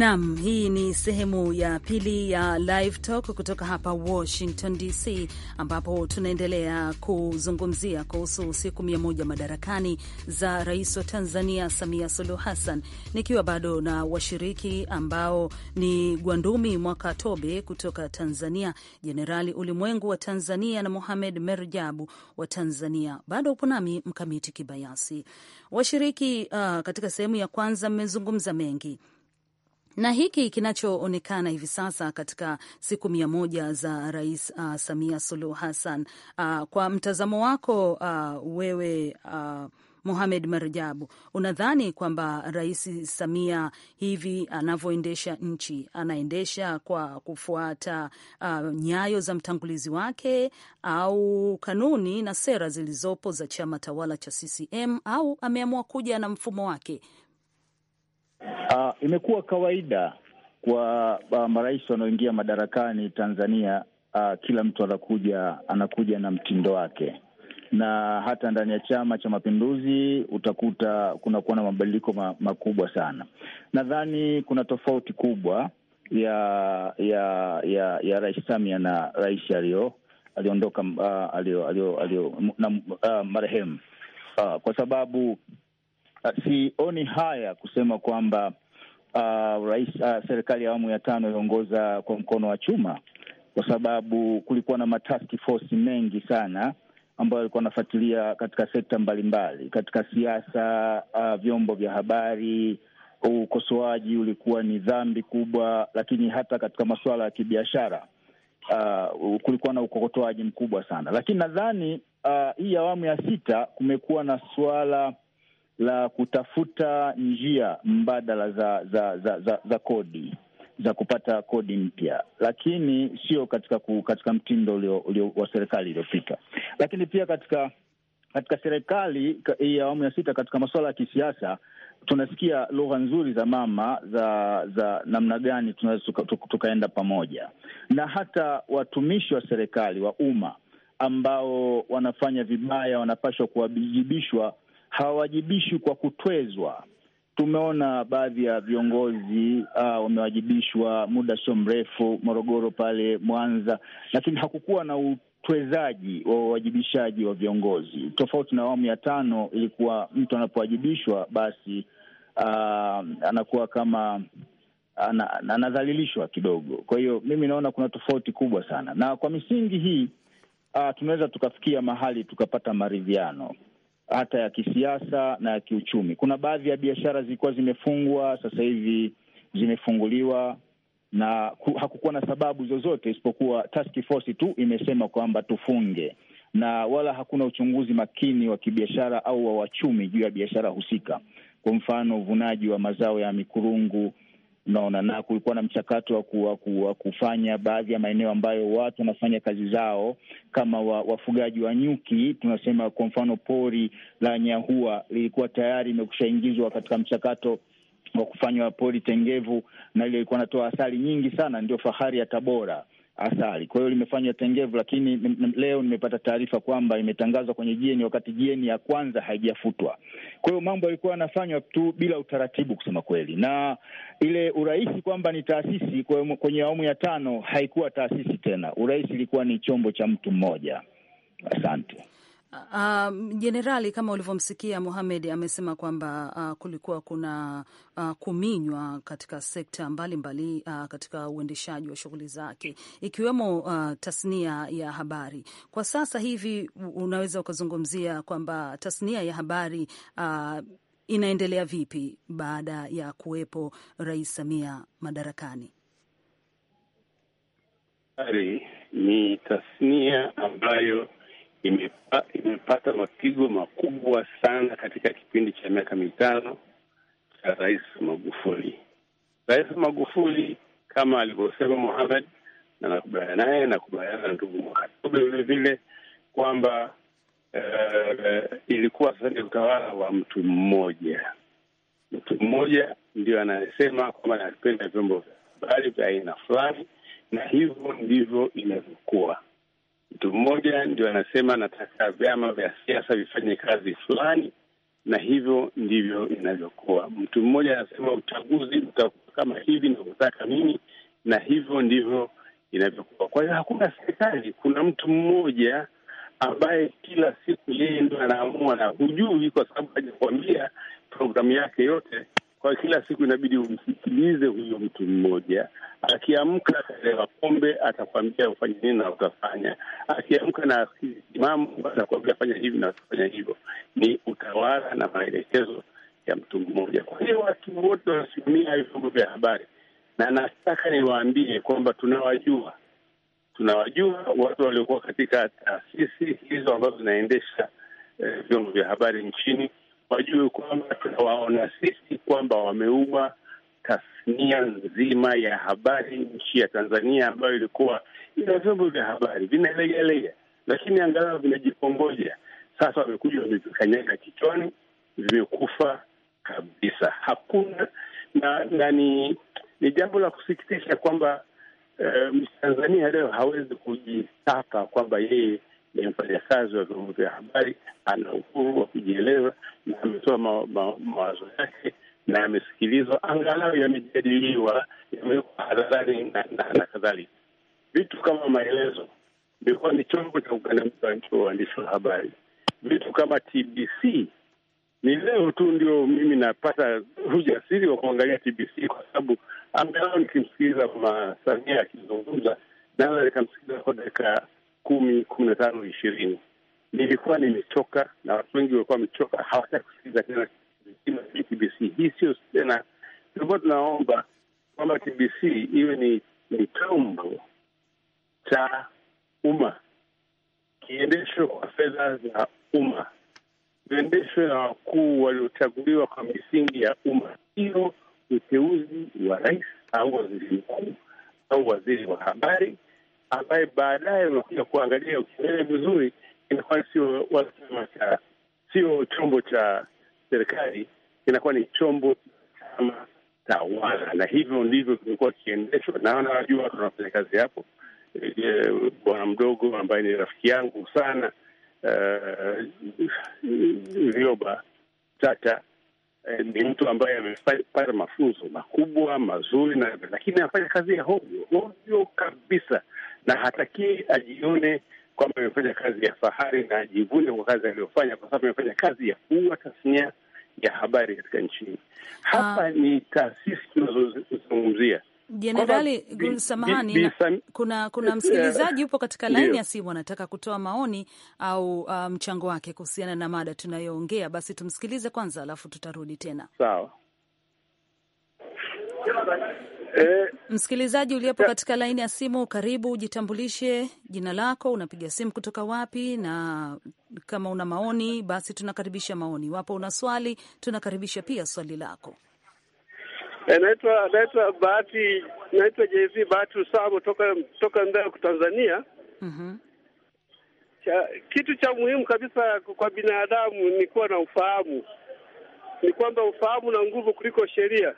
Naam, hii ni sehemu ya pili ya Live Talk kutoka hapa Washington DC, ambapo tunaendelea kuzungumzia kuhusu siku mia moja madarakani za rais wa Tanzania Samia Suluhu Hassan, nikiwa bado na washiriki ambao ni Gwandumi Mwaka Tobe kutoka Tanzania, Jenerali Ulimwengu wa Tanzania na muhamed Merjabu wa Tanzania. Bado upo nami Mkamiti Kibayasi. Washiriki uh, katika sehemu ya kwanza mmezungumza mengi na hiki kinachoonekana hivi sasa katika siku mia moja za Rais uh, Samia Suluhu Hassan, uh, kwa mtazamo wako uh, wewe uh, Mohamed Marjabu, unadhani kwamba Rais Samia hivi anavyoendesha nchi anaendesha kwa kufuata uh, nyayo za mtangulizi wake au kanuni na sera zilizopo za chama tawala cha CCM au ameamua kuja na mfumo wake Uh, imekuwa kawaida kwa uh, marais wanaoingia madarakani Tanzania. Uh, kila mtu anakuja anakuja na mtindo wake, na hata ndani ya Chama cha Mapinduzi utakuta kunakuwa na mabadiliko ma, makubwa sana. Nadhani kuna tofauti kubwa ya ya ya, ya Rais Samia na rais alio aliondoka uh, alio, alio, alio, na uh, marehemu uh, kwa sababu Ah, sioni haya kusema kwamba uh, rais uh, serikali ya awamu ya tano iliongoza kwa mkono wa chuma, kwa sababu kulikuwa na mataski force mengi sana ambayo alikuwa anafuatilia katika sekta mbalimbali mbali, katika siasa uh, vyombo vya habari, ukosoaji ulikuwa ni dhambi kubwa, lakini hata katika masuala ya kibiashara uh, kulikuwa na ukokotoaji mkubwa sana. Lakini nadhani uh, hii awamu ya sita kumekuwa na suala la kutafuta njia mbadala za za za, za, za kodi za kupata kodi mpya, lakini sio katika ku, katika mtindo ulio, ulio, wa serikali iliyopita, lakini pia katika katika serikali ya awamu ya sita, katika masuala ya kisiasa tunasikia lugha nzuri za mama za za namna gani tunaweza tuka, tuka, tukaenda pamoja, na hata watumishi wa serikali wa umma ambao wanafanya vibaya wanapaswa kuwajibishwa hawawajibishwi kwa kutwezwa. Tumeona baadhi ya viongozi uh, wamewajibishwa muda sio mrefu, Morogoro pale, Mwanza, lakini hakukuwa na utwezaji wa uwajibishaji wa viongozi, tofauti na awamu ya tano. Ilikuwa mtu anapowajibishwa basi uh, anakuwa kama anadhalilishwa kidogo. Kwa hiyo mimi naona kuna tofauti kubwa sana, na kwa misingi hii uh, tunaweza tukafikia mahali tukapata maridhiano hata ya kisiasa na ya kiuchumi. Kuna baadhi ya biashara zilikuwa zimefungwa, sasa hivi zimefunguliwa na hakukuwa na sababu zozote isipokuwa task force tu imesema kwamba tufunge, na wala hakuna uchunguzi makini wa kibiashara au wa wachumi juu ya biashara husika. Kwa mfano uvunaji wa mazao ya mikurungu unaona, na kulikuwa na mchakato wa kufanya baadhi ya maeneo ambayo watu wanafanya kazi zao kama wa, wafugaji wa nyuki. Tunasema kwa mfano pori la Nyahua lilikuwa tayari ingizwa katika mchakato wa kufanywa pori tengevu, na ile ilikuwa natoa asali nyingi sana, ndio fahari ya Tabora asali. Kwa hiyo limefanywa tengevu, lakini leo nimepata taarifa kwamba imetangazwa kwenye jieni, wakati jieni ya kwanza haijafutwa. Kwa hiyo mambo yalikuwa yanafanywa tu bila utaratibu, kusema kweli, na ile urahisi kwamba ni taasisi kwenye awamu ya tano haikuwa taasisi tena, urahisi ilikuwa ni chombo cha mtu mmoja. Asante. Um, Jenerali um, kama ulivyomsikia Mohamed amesema kwamba uh, kulikuwa kuna uh, kuminywa katika sekta mbalimbali mbali, uh, katika uendeshaji wa shughuli zake ikiwemo uh, tasnia ya habari. Kwa sasa hivi unaweza ukazungumzia kwamba tasnia ya habari uh, inaendelea vipi baada ya kuwepo Rais Samia madarakani? Ari, ni tasnia ambayo imepa, imepata mapigo makubwa sana katika kipindi cha miaka mitano cha Rais Magufuli. Rais Magufuli kama alivyosema Muhamed, na nakubaliana naye, nakubaliana na ndugu Mwakatobe vile vile kwamba Uh, ilikuwa sasa ni utawala wa mtu mmoja. Mtu mmoja ndio anayesema kwamba anapenda vyombo vya habari vya aina fulani, na hivyo ndivyo inavyokuwa. Mtu mmoja ndio anasema nataka vyama vya siasa vifanye kazi fulani, na hivyo ndivyo inavyokuwa. Mtu mmoja anasema uchaguzi utakuwa kama hivi nakutaka mimi, na hivyo ndivyo inavyokuwa. Kwa hiyo hakuna serikali, kuna mtu mmoja ambaye kila siku yeye ndo anaamua, na hujui kwa sababu hajakuambia programu yake yote kwa kila siku inabidi umsikilize huyo mtu mmoja. Akiamka atalewa pombe, atakwambia ufanye nini na utafanya. Akiamka na akisimama, atakwambia fanya hivi na utafanya hivyo. Ni utawala na maelekezo ya mtu mmoja. Kwa hiyo watu wote wanasimamia vyombo vya habari, na nataka niwaambie kwamba tunawajua, tunawajua watu waliokuwa katika taasisi hizo ambazo zinaendesha eh, vyombo eh, vya habari nchini wajue kwamba tunawaona sisi kwamba wameua tasnia nzima ya habari nchi ya Tanzania, ambayo ilikuwa ina vyombo vya habari vinalegalega, lakini angalau vinajikongoja. Sasa wamekuja wamevikanyaga kichwani, vimekufa kabisa, hakuna na, na ni ni jambo la kusikitisha kwamba eh, Mtanzania um, leo hawezi kujitaka kwamba yeye ni mfanyakazi wa vyombo vya habari, ana uhuru wa kujieleza, na ametoa mawazo yake na amesikilizwa, angalau yamejadiliwa, yamewekwa hadharani na, na, na kadhalika. Vitu kama maelezo vilikuwa ni chombo cha ukandamizaji wa waandishi wa habari. Vitu kama TBC ni leo tu ndio mimi napata ujasiri wa kuangalia TBC kwa sababu angalau nikimsikiliza Mama Samia akizungumza, naweza nikamsikiliza kwa dakika kumi kumi na tano ishirini nilikuwa nimechoka na watu wengi walikuwa wamechoka, hawataki kusikiza tena TBC. Hii sio tena, tulikuwa tunaomba kwamba TBC iwe ni ni chombo cha umma kiendeshwe kwa fedha za umma, kiendeshwe na wakuu waliochaguliwa kwa misingi ya umma, hiyo uteuzi wa rais au waziri mkuu au waziri wa habari ambaye baadaye unakuja kuangalia ukiangalia vizuri inakuwa sio wachama, sio chombo cha serikali, inakuwa ni chombo cha chama tawala, na hivyo ndivyo kimekuwa kiendeshwa. Naona wajua tunafanya kazi hapo. E, bwana mdogo ambaye ni rafiki yangu sana Vioba eh, uh, Tata eh, ni mtu ambaye amepata mafunzo makubwa mazuri, na lakini anafanya kazi ya hovyo hovyo kabisa, na hatakii ajione kwamba amefanya kazi ya fahari na ajivune kwa kazi aliyofanya, kwa sababu amefanya kazi ya kuua tasnia ya habari katika nchi hii. Hapa ah. ni taasisi tunazozungumzia Jenerali samahani kuna kuna msikilizaji yupo katika laini ya simu anataka kutoa maoni au uh, mchango um, wake kuhusiana na mada tunayoongea. Basi tumsikilize kwanza, alafu tutarudi tena. Sawa. Eh, msikilizaji uliopo katika laini ya simu karibu, ujitambulishe jina lako, unapiga simu kutoka wapi, na kama una maoni basi tunakaribisha maoni. Iwapo una swali tunakaribisha pia swali lako. Naitwa naitwa Bahati, naitwa JC Bahati Usamo toka toka Mbeya Tanzania. mm -hmm. cha, kitu cha muhimu kabisa kwa binadamu ni kuwa na ufahamu, ni kwamba ufahamu na nguvu kuliko sheria.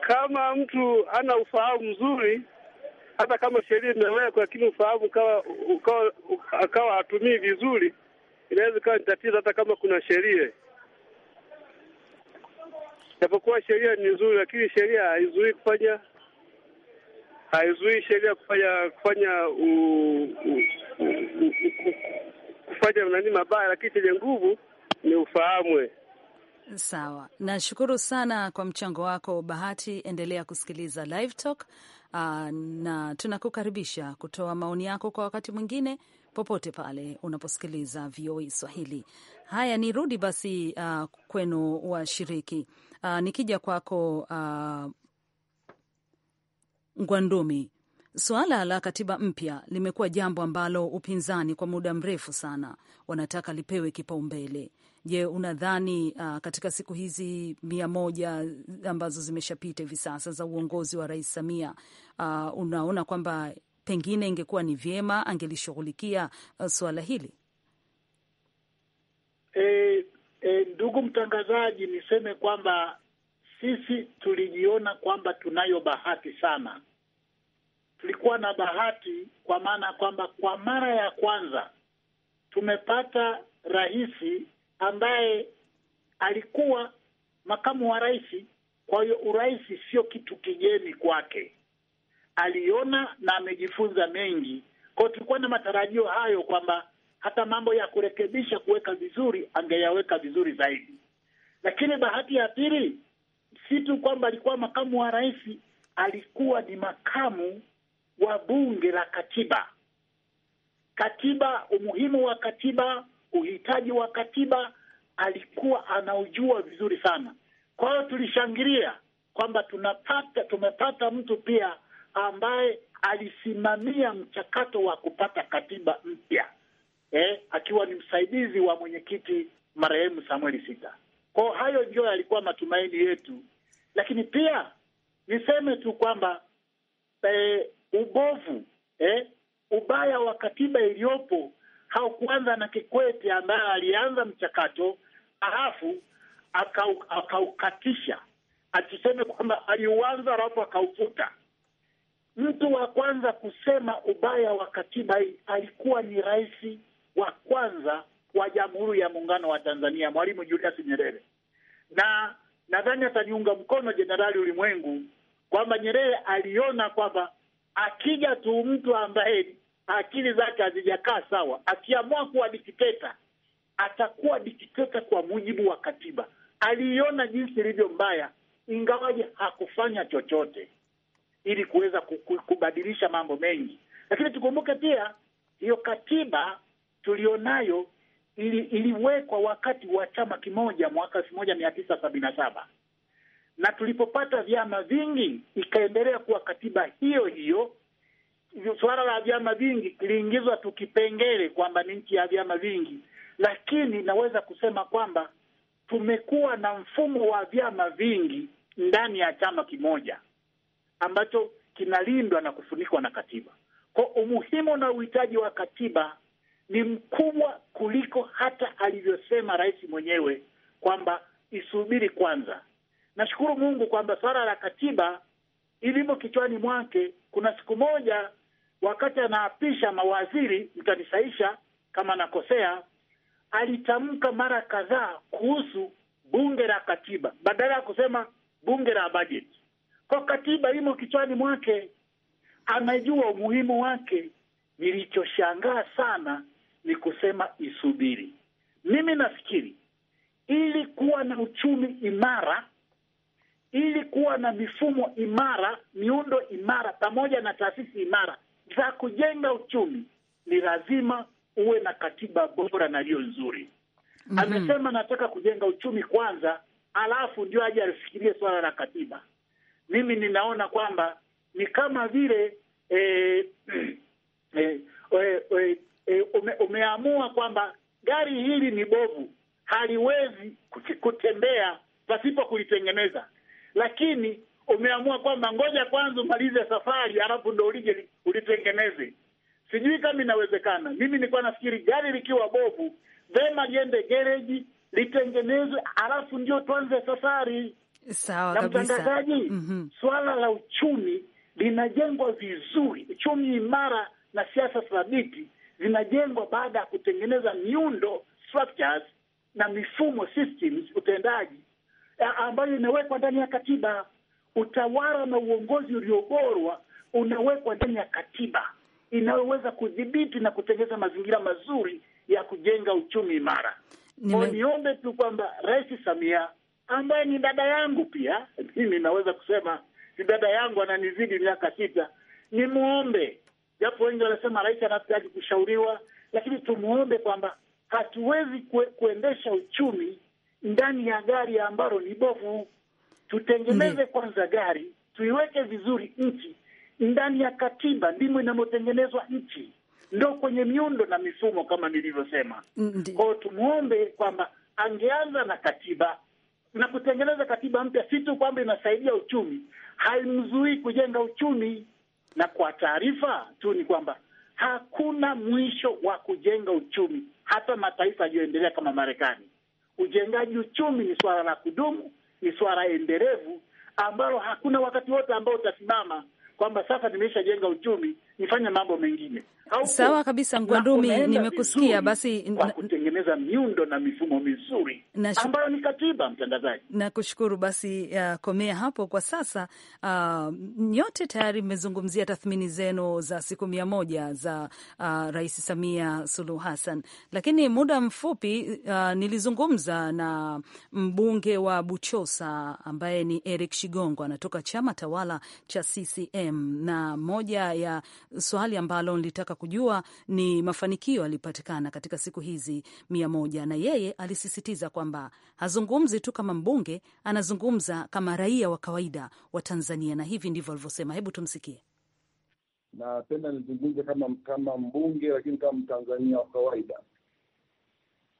Kama mtu hana ufahamu mzuri, hata kama sheria imewekwa, lakini ufahamu ukawa ukawa hatumii vizuri, inaweza ikawa ni tatizo, hata kama kuna sheria Japokuwa sheria ni nzuri, lakini sheria haizuii kufanya haizuii sheria kufanya kufanya u, u, u, u, u, kufanya nani mabaya, lakini chenye nguvu ni ufahamwe. Sawa, nashukuru sana kwa mchango wako Bahati. Endelea kusikiliza Live Talk aa, ah, na tunakukaribisha kutoa maoni yako kwa wakati mwingine popote pale unaposikiliza VOA e Swahili. Haya, nirudi basi ah, kwenu washiriki Uh, nikija kwako uh, Ngwandumi, suala la katiba mpya limekuwa jambo ambalo upinzani kwa muda mrefu sana wanataka lipewe kipaumbele. Je, unadhani uh, katika siku hizi mia moja ambazo zimeshapita hivi sasa za uongozi wa Rais Samia uh, unaona kwamba pengine ingekuwa ni vyema angelishughulikia uh, suala hili? E, E, ndugu mtangazaji, niseme kwamba sisi tulijiona kwamba tunayo bahati sana. Tulikuwa na bahati kwa maana ya kwamba kwa mara ya kwanza tumepata rais ambaye alikuwa makamu wa rais. Kwa hiyo urais sio kitu kigeni kwake, aliona na amejifunza mengi. Kwa hiyo tulikuwa na matarajio hayo kwamba hata mambo ya kurekebisha kuweka vizuri angeyaweka vizuri zaidi. Lakini bahati ya pili, si tu kwamba alikuwa makamu wa rais, alikuwa ni makamu wa bunge la katiba. Katiba, umuhimu wa katiba, uhitaji wa katiba alikuwa anaujua vizuri sana. Kwa hiyo tulishangilia kwamba tunapata tumepata mtu pia ambaye alisimamia mchakato wa kupata katiba mpya eh, akiwa ni msaidizi wa mwenyekiti marehemu Samuel Sita. Kwa hayo ndio yalikuwa matumaini yetu, lakini pia niseme tu kwamba eh, ubovu eh, ubaya wa katiba iliyopo haukuanza na Kikwete ambaye alianza mchakato alafu akaukatisha, atuseme kwamba aliuanza alafu akaufuta. Mtu wa kwanza kusema ubaya wa katiba hii alikuwa ni Rais wa kwanza wa Jamhuri ya Muungano wa Tanzania, Mwalimu Julius Nyerere, na nadhani ataniunga mkono Jenerali Ulimwengu kwamba Nyerere aliona kwamba akija tu mtu ambaye akili zake hazijakaa sawa, akiamua kuwa dikteta atakuwa dikteta kwa mujibu wa katiba. Aliiona jinsi ilivyo mbaya, ingawaje hakufanya chochote ili kuweza kubadilisha mambo mengi, lakini tukumbuke pia hiyo katiba tulionayo ili, iliwekwa wakati wa chama kimoja mwaka elfu moja mia tisa sabini na saba na tulipopata vyama vingi ikaendelea kuwa katiba hiyo hiyo. Suala la vyama vingi kiliingizwa tu kipengele kwamba ni nchi ya vyama vingi, lakini naweza kusema kwamba tumekuwa na mfumo wa vyama vingi ndani ya chama kimoja ambacho kinalindwa na kufunikwa na katiba. Kwa umuhimu na uhitaji wa katiba ni mkubwa kuliko hata alivyosema rais mwenyewe kwamba isubiri kwanza. Nashukuru Mungu kwamba swala la katiba ilimo kichwani mwake. Kuna siku moja wakati anaapisha mawaziri, mtanisaisha kama nakosea, alitamka mara kadhaa kuhusu bunge la katiba badala ya kusema bunge la bajeti. Kwa katiba imo kichwani mwake, anajua umuhimu wake. Nilichoshangaa sana ni kusema isubiri. Mimi nafikiri ili kuwa na uchumi imara, ili kuwa na mifumo imara, miundo imara, pamoja na taasisi imara za kujenga uchumi, ni lazima uwe na katiba bora na iliyo nzuri. Mm -hmm. Amesema nataka kujenga uchumi kwanza, alafu ndio aje alifikirie swala la katiba. Mimi ninaona kwamba ni kama vile eh, eh, eh, eh, e, ume, umeamua kwamba gari hili ni bovu, haliwezi kutembea pasipo kulitengeneza, lakini umeamua kwamba ngoja kwanza umalize safari, alafu ndo ulije ulitengeneze. Sijui kama inawezekana. Mimi nilikuwa nafikiri gari likiwa bovu, vema liende gereji litengenezwe, alafu ndio tuanze safari. Sawa Mtangazaji, mm -hmm. Swala la uchumi linajengwa vizuri, uchumi imara na siasa thabiti zinajengwa baada ya kutengeneza miundo structures na mifumo systems, utendaji ambayo inawekwa ndani ya katiba. Utawala na uongozi ulioborwa unawekwa ndani ya katiba inayoweza kudhibiti na kutengeneza mazingira mazuri ya kujenga uchumi imara. Nime... niombe tu kwamba Rais Samia ambaye ni dada yangu pia, mimi naweza kusema ni dada yangu, ananizidi miaka sita, nimwombe japo wengi wanasema rais anahitaji kushauriwa, lakini tumwombe kwamba hatuwezi kue, kuendesha uchumi ndani ya gari ambalo ni bovu. Tutengeneze kwanza gari, tuiweke vizuri nchi ndani ya katiba, ndimo inamotengenezwa nchi, ndo kwenye miundo na mifumo kama nilivyosema. Kwao tumwombe kwamba angeanza na katiba na kutengeneza katiba mpya, si tu kwamba inasaidia uchumi, haimzuii kujenga uchumi. Na kwa taarifa tu ni kwamba hakuna mwisho wa kujenga uchumi, hata mataifa yaliyoendelea kama Marekani. Ujengaji uchumi ni suala la kudumu, ni suala endelevu ambalo hakuna wakati wote ambao utasimama kwamba sasa nimeshajenga uchumi nifanye mambo mengine. Sawa kabisa, Ngwandumi, nimekusikia. Basi kutengeneza miundo na mifumo mizuri ambayo ni katiba, mtangazaji, nakushukuru. Basi uh, komea hapo kwa sasa. Uh, nyote tayari mmezungumzia tathmini zenu za siku mia moja za uh, Rais Samia Suluhu Hassan, lakini muda mfupi uh, nilizungumza na mbunge wa Buchosa ambaye ni Eric Shigongo, anatoka chama tawala cha CCM na moja ya swali ambalo nilitaka kujua ni mafanikio yalipatikana katika siku hizi mia moja, na yeye alisisitiza kwamba hazungumzi tu kama mbunge, anazungumza kama raia wa kawaida wa Tanzania, na hivi ndivyo alivyosema. Hebu tumsikie. Napenda nizungumze kama kama mbunge, lakini kama mtanzania wa kawaida.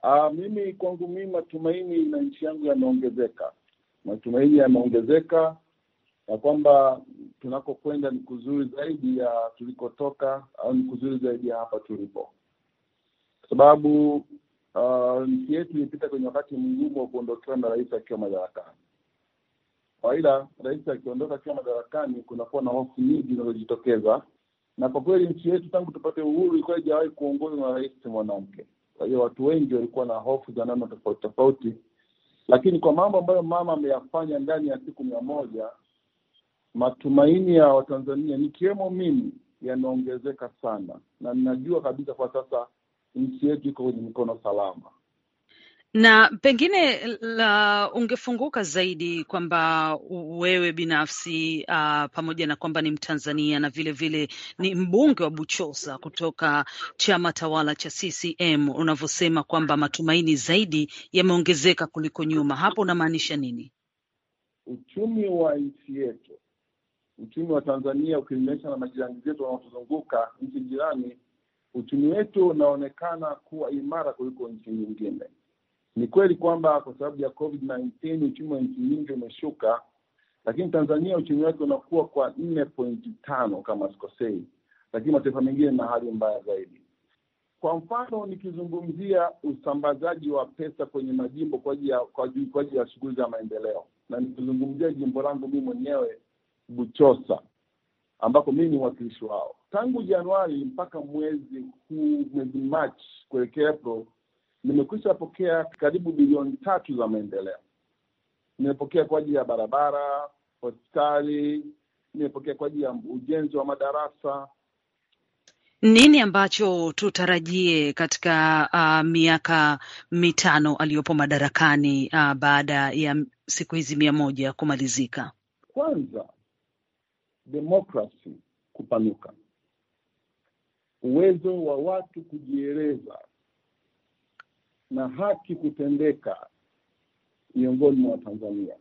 Aa, ah, mimi kwangu mimi matumaini na nchi yangu yameongezeka, matumaini yameongezeka ya kwamba tunakokwenda ni kuzuri zaidi ya tulikotoka au ni kuzuri zaidi ya hapa tulipo, kwa sababu uh, nchi yetu ilipita kwenye wakati mgumu wa kuondokewa na rais akiwa madarakani. Kawaida rais akiondoka akiwa madarakani, kunakuwa na hofu nyingi zinazojitokeza, na kwa kweli nchi yetu tangu tupate uhuru ilikuwa ijawahi kuongozwa na rais mwanamke. Kwa hiyo watu wengi walikuwa na hofu za namna tofauti tofauti, lakini kwa mambo ambayo mama ameyafanya ndani ya siku mia moja matumaini ya Watanzania nikiwemo mimi yanaongezeka sana, na ninajua kabisa kwa sasa nchi yetu iko kwenye mikono salama na pengine la ungefunguka zaidi kwamba wewe binafsi uh, pamoja na kwamba ni Mtanzania na vilevile vile ni mbunge wa Buchosa kutoka chama tawala cha CCM, unavyosema kwamba matumaini zaidi yameongezeka kuliko nyuma, hapo unamaanisha nini? Uchumi wa nchi yetu uchumi wa Tanzania ukilinganisha na majirani zetu wanaotuzunguka nchi jirani, uchumi wetu unaonekana kuwa imara kuliko nchi nyingine. Ni kweli kwamba kwa sababu ya COVID-19 uchumi wa nchi nyingi umeshuka, lakini Tanzania uchumi wake unakuwa kwa nne pointi tano kama sikosei, lakini mataifa mengine na hali mbaya zaidi. Kwa mfano nikizungumzia usambazaji wa pesa kwenye majimbo kwa ajili ya shughuli za maendeleo, na nikizungumzia jimbo langu mimi mwenyewe Buchosa ambako mimi ni mwakilishi wao tangu Januari mpaka mwezi huu mwezi Machi kuelekea April nimekwisha pokea karibu bilioni tatu za maendeleo. Nimepokea kwa ajili ya barabara, hospitali, nimepokea kwa ajili ya ujenzi wa madarasa. Nini ambacho tutarajie katika uh, miaka mitano aliyopo madarakani uh, baada ya siku hizi mia moja kumalizika? Kwanza demokrasi kupanuka, uwezo wa watu kujieleza na haki kutendeka miongoni mwa Watanzania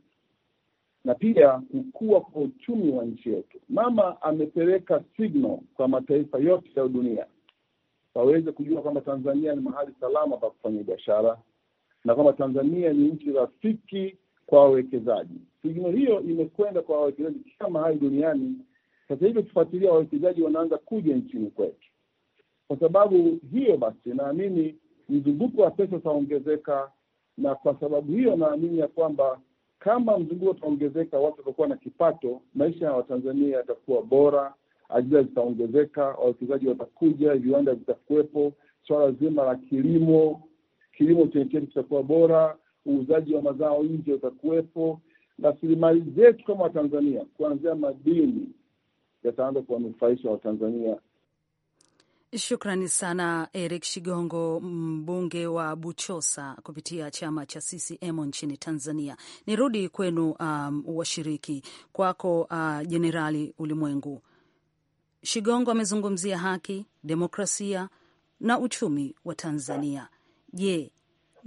na pia kukua kwa uchumi wa nchi yetu. Mama amepeleka signal kwa mataifa yote ya dunia waweze kujua kwamba Tanzania ni mahali salama pa kufanya biashara na kwamba Tanzania ni nchi rafiki kwa wawekezaji. Signal hiyo imekwenda kwa wawekezaji kila mahali duniani. Sasa hivi ukifuatilia, wawekezaji wanaanza kuja nchini kwetu. Kwa sababu hiyo basi, naamini mzunguko wa pesa utaongezeka, na kwa sababu hiyo naamini ya kwamba kama mzunguko utaongezeka, watu watakuwa na kipato, maisha ya Watanzania yatakuwa bora, ajira zitaongezeka, wawekezaji watakuja, viwanda vitakuwepo, swala zima la kilimo, kilimo chenye chetu kitakuwa bora uuzaji wa mazao nje utakuwepo. Rasilimali zetu kama Watanzania, kuanzia madini, yataanza kuwanufaisha Watanzania. Shukrani sana Eric Shigongo, mbunge wa Buchosa kupitia chama cha CCM nchini Tanzania. Nirudi kwenu um, washiriki, kwako uh, Jenerali uh, Ulimwengu. Shigongo amezungumzia haki, demokrasia na uchumi wa Tanzania. Je,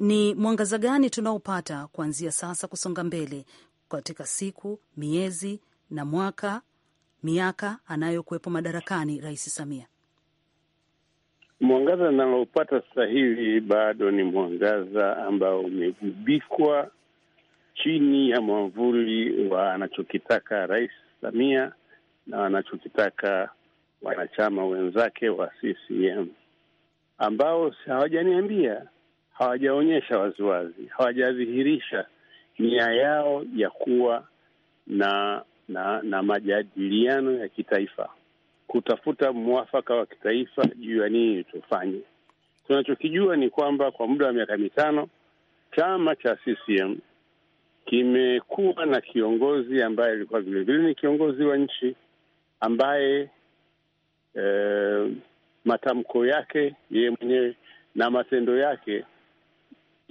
ni mwangaza gani tunaopata kuanzia sasa kusonga mbele katika siku, miezi na mwaka miaka anayokuwepo madarakani Rais Samia? Mwangaza ninaopata sasa hivi bado ni mwangaza ambao umegubikwa chini ya mwamvuli wa anachokitaka Rais Samia na anachokitaka wanachama wenzake wa CCM ambao hawajaniambia hawajaonyesha waziwazi, hawajadhihirisha nia yao ya kuwa na na na majadiliano ya kitaifa, kutafuta mwafaka wa kitaifa juu ya nini tufanye. Tunachokijua ni kwamba kwa muda wa miaka mitano chama cha CCM kimekuwa na kiongozi ambaye alikuwa vilevile ni kiongozi wa nchi ambaye eh, matamko yake yeye mwenyewe na matendo yake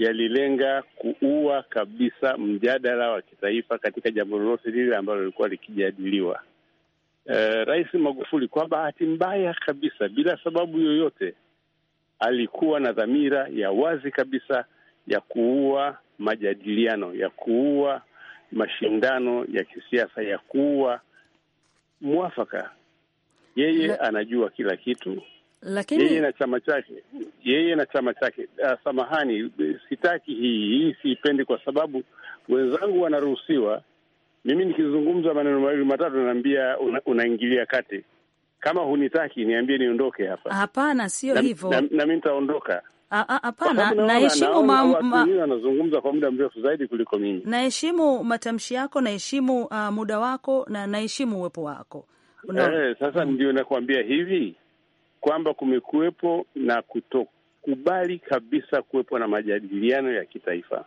yalilenga kuua kabisa mjadala wa kitaifa katika jambo lolote lile ambalo lilikuwa likijadiliwa. Uh, Rais Magufuli kwa bahati mbaya kabisa, bila sababu yoyote, alikuwa na dhamira ya wazi kabisa ya kuua majadiliano, ya kuua mashindano ya kisiasa, ya kuua mwafaka. Yeye anajua kila kitu lakini yeye na chama chake, yeye na chama chake. Uh, samahani, sitaki hii hii, siipendi kwa sababu wenzangu wanaruhusiwa. Mimi nikizungumza maneno mawili matatu, naambia unaingilia una kati. Kama hunitaki niambie niondoke hapa. Hapana, sio hivyo, na, na mi nitaondoka. Hapana, naheshimu anazungumza kwa muda mrefu zaidi kuliko mimi. Naheshimu matamshi yako, naheshimu uh, muda wako na naheshimu uwepo wako. Eh, sasa mm. ndio nakuambia hivi kwamba kumekuwepo na kutokubali kabisa kuwepo na majadiliano ya kitaifa,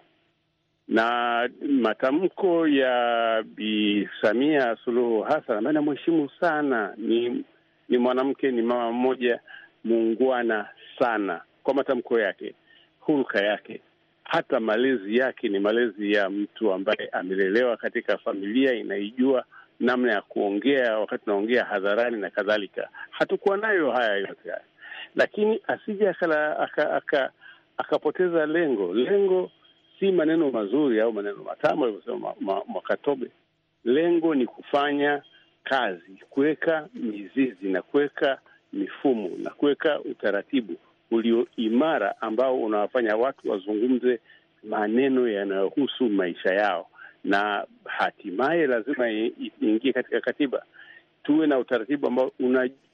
na matamko ya Bi Samia Suluhu Hassan ambaye namheshimu sana, ni ni mwanamke, ni mama mmoja muungwana sana, kwa matamko yake, hulka yake, hata malezi yake ni malezi ya mtu ambaye amelelewa katika familia inaijua namna ya kuongea wakati unaongea hadharani na kadhalika. Hatukuwa nayo haya yote haya, lakini asije akapoteza aka, aka lengo. Lengo si maneno mazuri au maneno matamu alivyosema Mwakatobe. Lengo ni kufanya kazi, kuweka mizizi na kuweka mifumo na kuweka utaratibu ulio imara ambao unawafanya watu wazungumze maneno yanayohusu maisha yao na hatimaye lazima iingie katika katiba. Tuwe na utaratibu ambao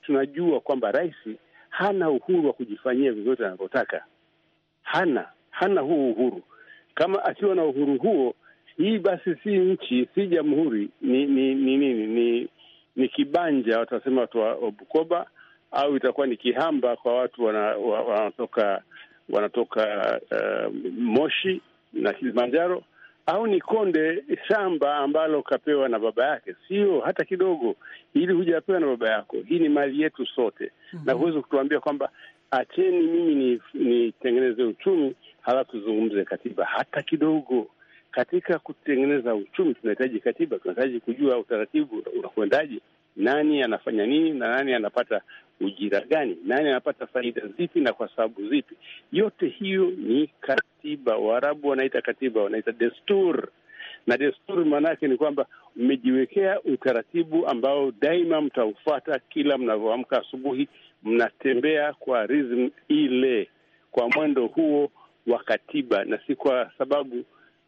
tunajua kwamba rais hana uhuru wa kujifanyia vyovyote anavyotaka. Hana hana huu uhuru. Kama akiwa na uhuru huo, hii basi si nchi, si jamhuri, ni ni ni ni, ni, ni kibanja, watasema watu wa Bukoba, au itakuwa ni kihamba kwa watu wanatoka wanatoka uh, Moshi na Kilimanjaro au ni konde shamba ambalo kapewa na baba yake? Sio hata kidogo, ili hujapewa na baba yako. Hii ni mali yetu sote. mm -hmm. Na huwezi kutuambia kwamba acheni mimi nitengeneze ni uchumi halafu tuzungumze katiba, hata kidogo. Katika kutengeneza uchumi tunahitaji katiba, tunahitaji kujua utaratibu unakwendaje nani anafanya nini na nani anapata ujira gani, nani anapata faida zipi na kwa sababu zipi. Yote hiyo ni katiba. Waarabu wanaita katiba, wanaita destur, na destur maana yake ni kwamba mmejiwekea utaratibu ambao daima mtaufata Kila mnavyoamka asubuhi, mnatembea kwa rhythm ile, kwa mwendo huo wa katiba, na si kwa sababu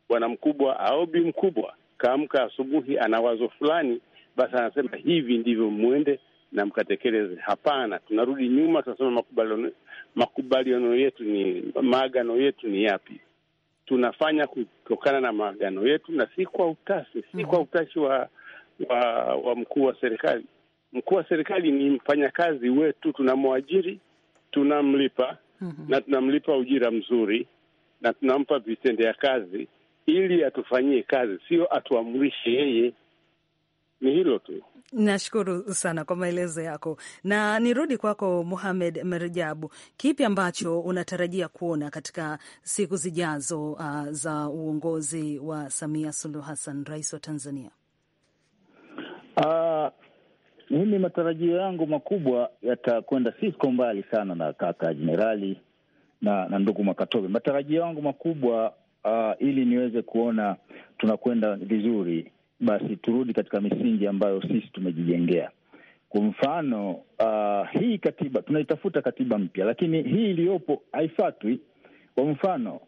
bwana mkubwa au bi mkubwa kaamka asubuhi ana wazo fulani basi anasema hivi ndivyo mwende na mkatekeleze. Hapana, tunarudi nyuma, tunasema makubaliano, makubaliano yetu ni maagano yetu ni yapi? Tunafanya kutokana na maagano yetu na si kwa utashi, si kwa mhm. utashi wa wa, wa mkuu wa serikali. Mkuu wa serikali ni mfanyakazi wetu, tunamwajiri, tunamlipa mm -hmm. na tunamlipa ujira mzuri na tunampa vitendea kazi ili atufanyie kazi, sio atuamrishe yeye ni hilo tu. Nashukuru sana kwa maelezo yako, na nirudi kwako Muhamed Merjabu, kipi ambacho unatarajia kuona katika siku zijazo uh, za uongozi wa Samia Suluhu Hassan, rais wa Tanzania? Uh, mimi matarajio yangu makubwa yatakwenda siko mbali sana na kaka jenerali na, na ndugu Makatobe. Matarajio yangu makubwa uh, ili niweze kuona tunakwenda vizuri basi turudi katika misingi ambayo sisi tumejijengea. Kwa mfano uh, hii katiba tunaitafuta katiba mpya, lakini hii iliyopo haifatwi. Kwa mfano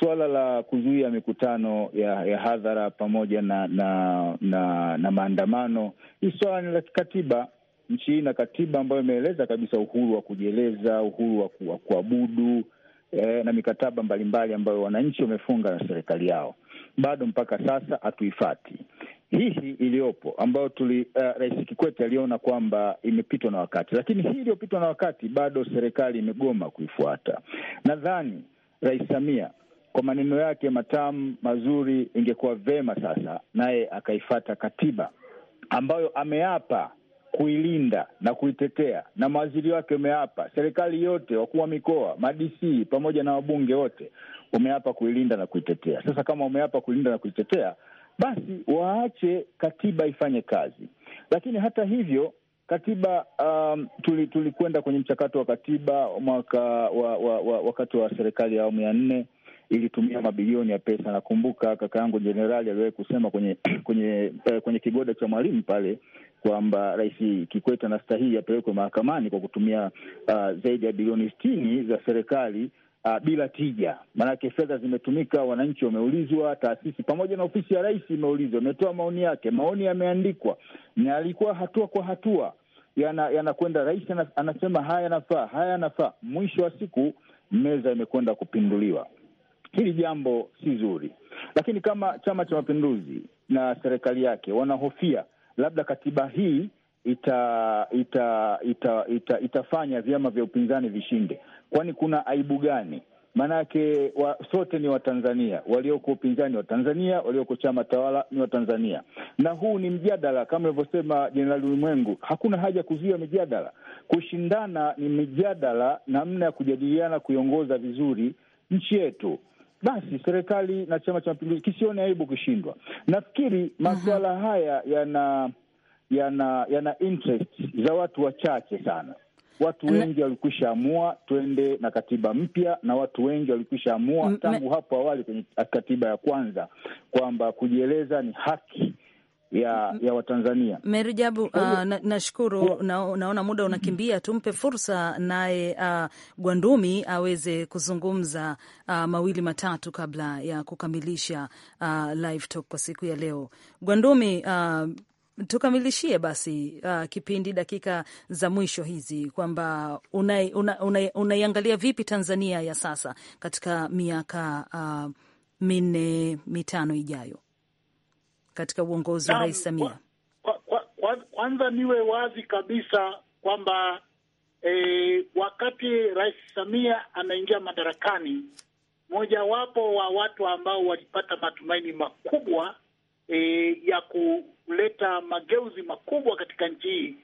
suala la kuzuia mikutano ya, ya hadhara pamoja na na na, na maandamano, hii swala ni la kikatiba. Nchi hii na katiba ambayo imeeleza kabisa uhuru wa kujieleza, uhuru wa, ku, kuabudu eh, na mikataba mbalimbali ambayo wananchi wamefunga na serikali yao, bado mpaka sasa hatuifati hii iliyopo ambayo tuli uh, Rais Kikwete aliona kwamba imepitwa na wakati, lakini hii iliyopitwa na wakati bado serikali imegoma kuifuata. Nadhani Rais Samia kwa maneno yake matamu mazuri, ingekuwa vema sasa naye akaifata katiba ambayo ameapa kuilinda na kuitetea, na mawaziri wake wameapa, serikali yote, wakuu wa mikoa, ma-DC pamoja na wabunge wote umeapa kuilinda na kuitetea. Sasa kama umeapa kuilinda na kuitetea basi waache katiba ifanye kazi. Lakini hata hivyo katiba um, tulikwenda tuli kwenye mchakato wa katiba mwaka wa, wa, wa, wakati wa serikali ya awamu ya nne ilitumia mabilioni ya pesa. Nakumbuka kaka yangu jenerali aliwahi kusema kwenye kwenye eh, kwenye kigoda cha Mwalimu pale kwamba Rais Kikwete anastahili apelekwe mahakamani kwa kutumia uh, zaidi ya bilioni sitini za serikali uh, bila tija, maanake fedha zimetumika, wananchi wameulizwa, taasisi pamoja na ofisi ya rais imeulizwa, imetoa maoni yake, maoni yameandikwa na yalikuwa hatua kwa hatua yanakwenda yana, rais anasema haya yanafaa, haya yanafaa. Mwisho wa siku meza imekwenda kupinduliwa. Hili jambo si zuri, lakini kama Chama cha Mapinduzi na serikali yake wanahofia labda katiba hii ita, ita, ita, ita, itafanya vyama vya upinzani vishinde kwani kuna aibu gani? Maanake wa, sote ni Watanzania, walioko upinzani wa Tanzania, walioko chama tawala ni Watanzania, na huu ni mjadala kama alivyosema Jenerali Ulimwengu. Hakuna haja kuzuia mijadala, kushindana ni mijadala, namna ya kujadiliana, kuiongoza vizuri nchi yetu. Basi serikali na Chama cha Mapinduzi kisione aibu kushindwa. Nafikiri mhm. masuala haya yana yana yana interest za watu wachache sana Watu wengi walikwisha amua twende na katiba mpya, na watu wengi walikwisha amua tangu hapo awali kwenye katiba ya kwanza kwamba kujieleza ni haki ya ya Watanzania. Meri Jabu, uh, nashukuru na na, naona muda unakimbia, tumpe fursa naye uh, Gwandumi aweze kuzungumza uh, mawili matatu kabla ya kukamilisha uh, live talk kwa siku ya leo. Gwandumi, uh, tukamilishie basi uh, kipindi dakika za mwisho hizi kwamba unaiangalia una, una, una vipi Tanzania ya sasa katika miaka uh, minne mitano ijayo katika uongozi wa Rais Samia. Kwanza kwa, kwa, kwa, niwe wazi kabisa kwamba eh, wakati Rais Samia anaingia madarakani, mojawapo wa watu ambao walipata matumaini makubwa e, ya kuleta mageuzi makubwa katika nchi hii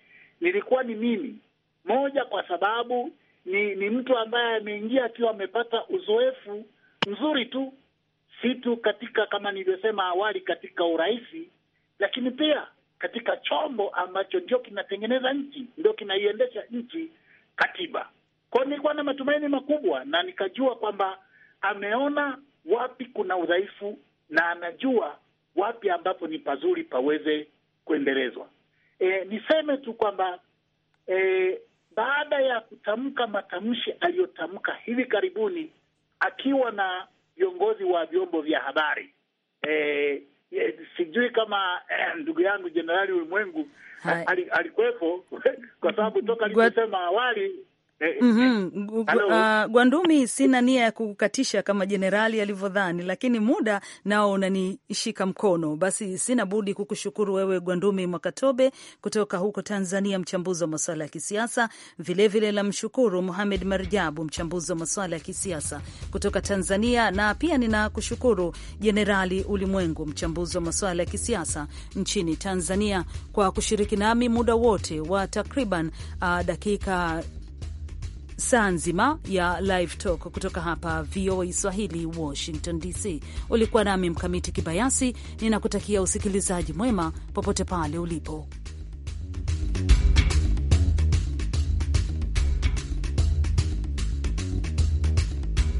nilikuwa ni mimi moja, kwa sababu ni, ni mtu ambaye ameingia akiwa amepata uzoefu mzuri tu, si tu katika kama nilivyosema awali katika urahisi, lakini pia katika chombo ambacho ndio kinatengeneza nchi, ndio kinaiendesha nchi, katiba. Kwa hiyo nilikuwa na matumaini makubwa, na nikajua kwamba ameona wapi kuna udhaifu na anajua wapi ambapo ni pazuri paweze kuendelezwa. E, niseme tu kwamba e, baada ya kutamka matamshi aliyotamka hivi karibuni akiwa na viongozi wa vyombo vya habari e, e, sijui kama e, ndugu yangu Jenerali Ulimwengu alikuwepo kwa sababu toka aliposema awali Mm-hmm. Uh, Gwandumi, sina nia ya kukatisha kama jenerali alivyodhani, lakini muda nao unanishika mkono, basi sina budi kukushukuru wewe Gwandumi Mwakatobe kutoka huko Tanzania, mchambuzi wa masuala ya kisiasa vilevile. La mshukuru Muhamed Marjabu, mchambuzi wa masuala ya kisiasa kutoka Tanzania, na pia ninakushukuru Jenerali Ulimwengu, mchambuzi wa masuala ya kisiasa nchini Tanzania, kwa kushiriki nami muda wote wa takriban uh, dakika saa nzima ya Live Talk kutoka hapa VOA Swahili, Washington DC. Ulikuwa nami Mkamiti Kibayasi, ninakutakia usikilizaji mwema popote pale ulipo.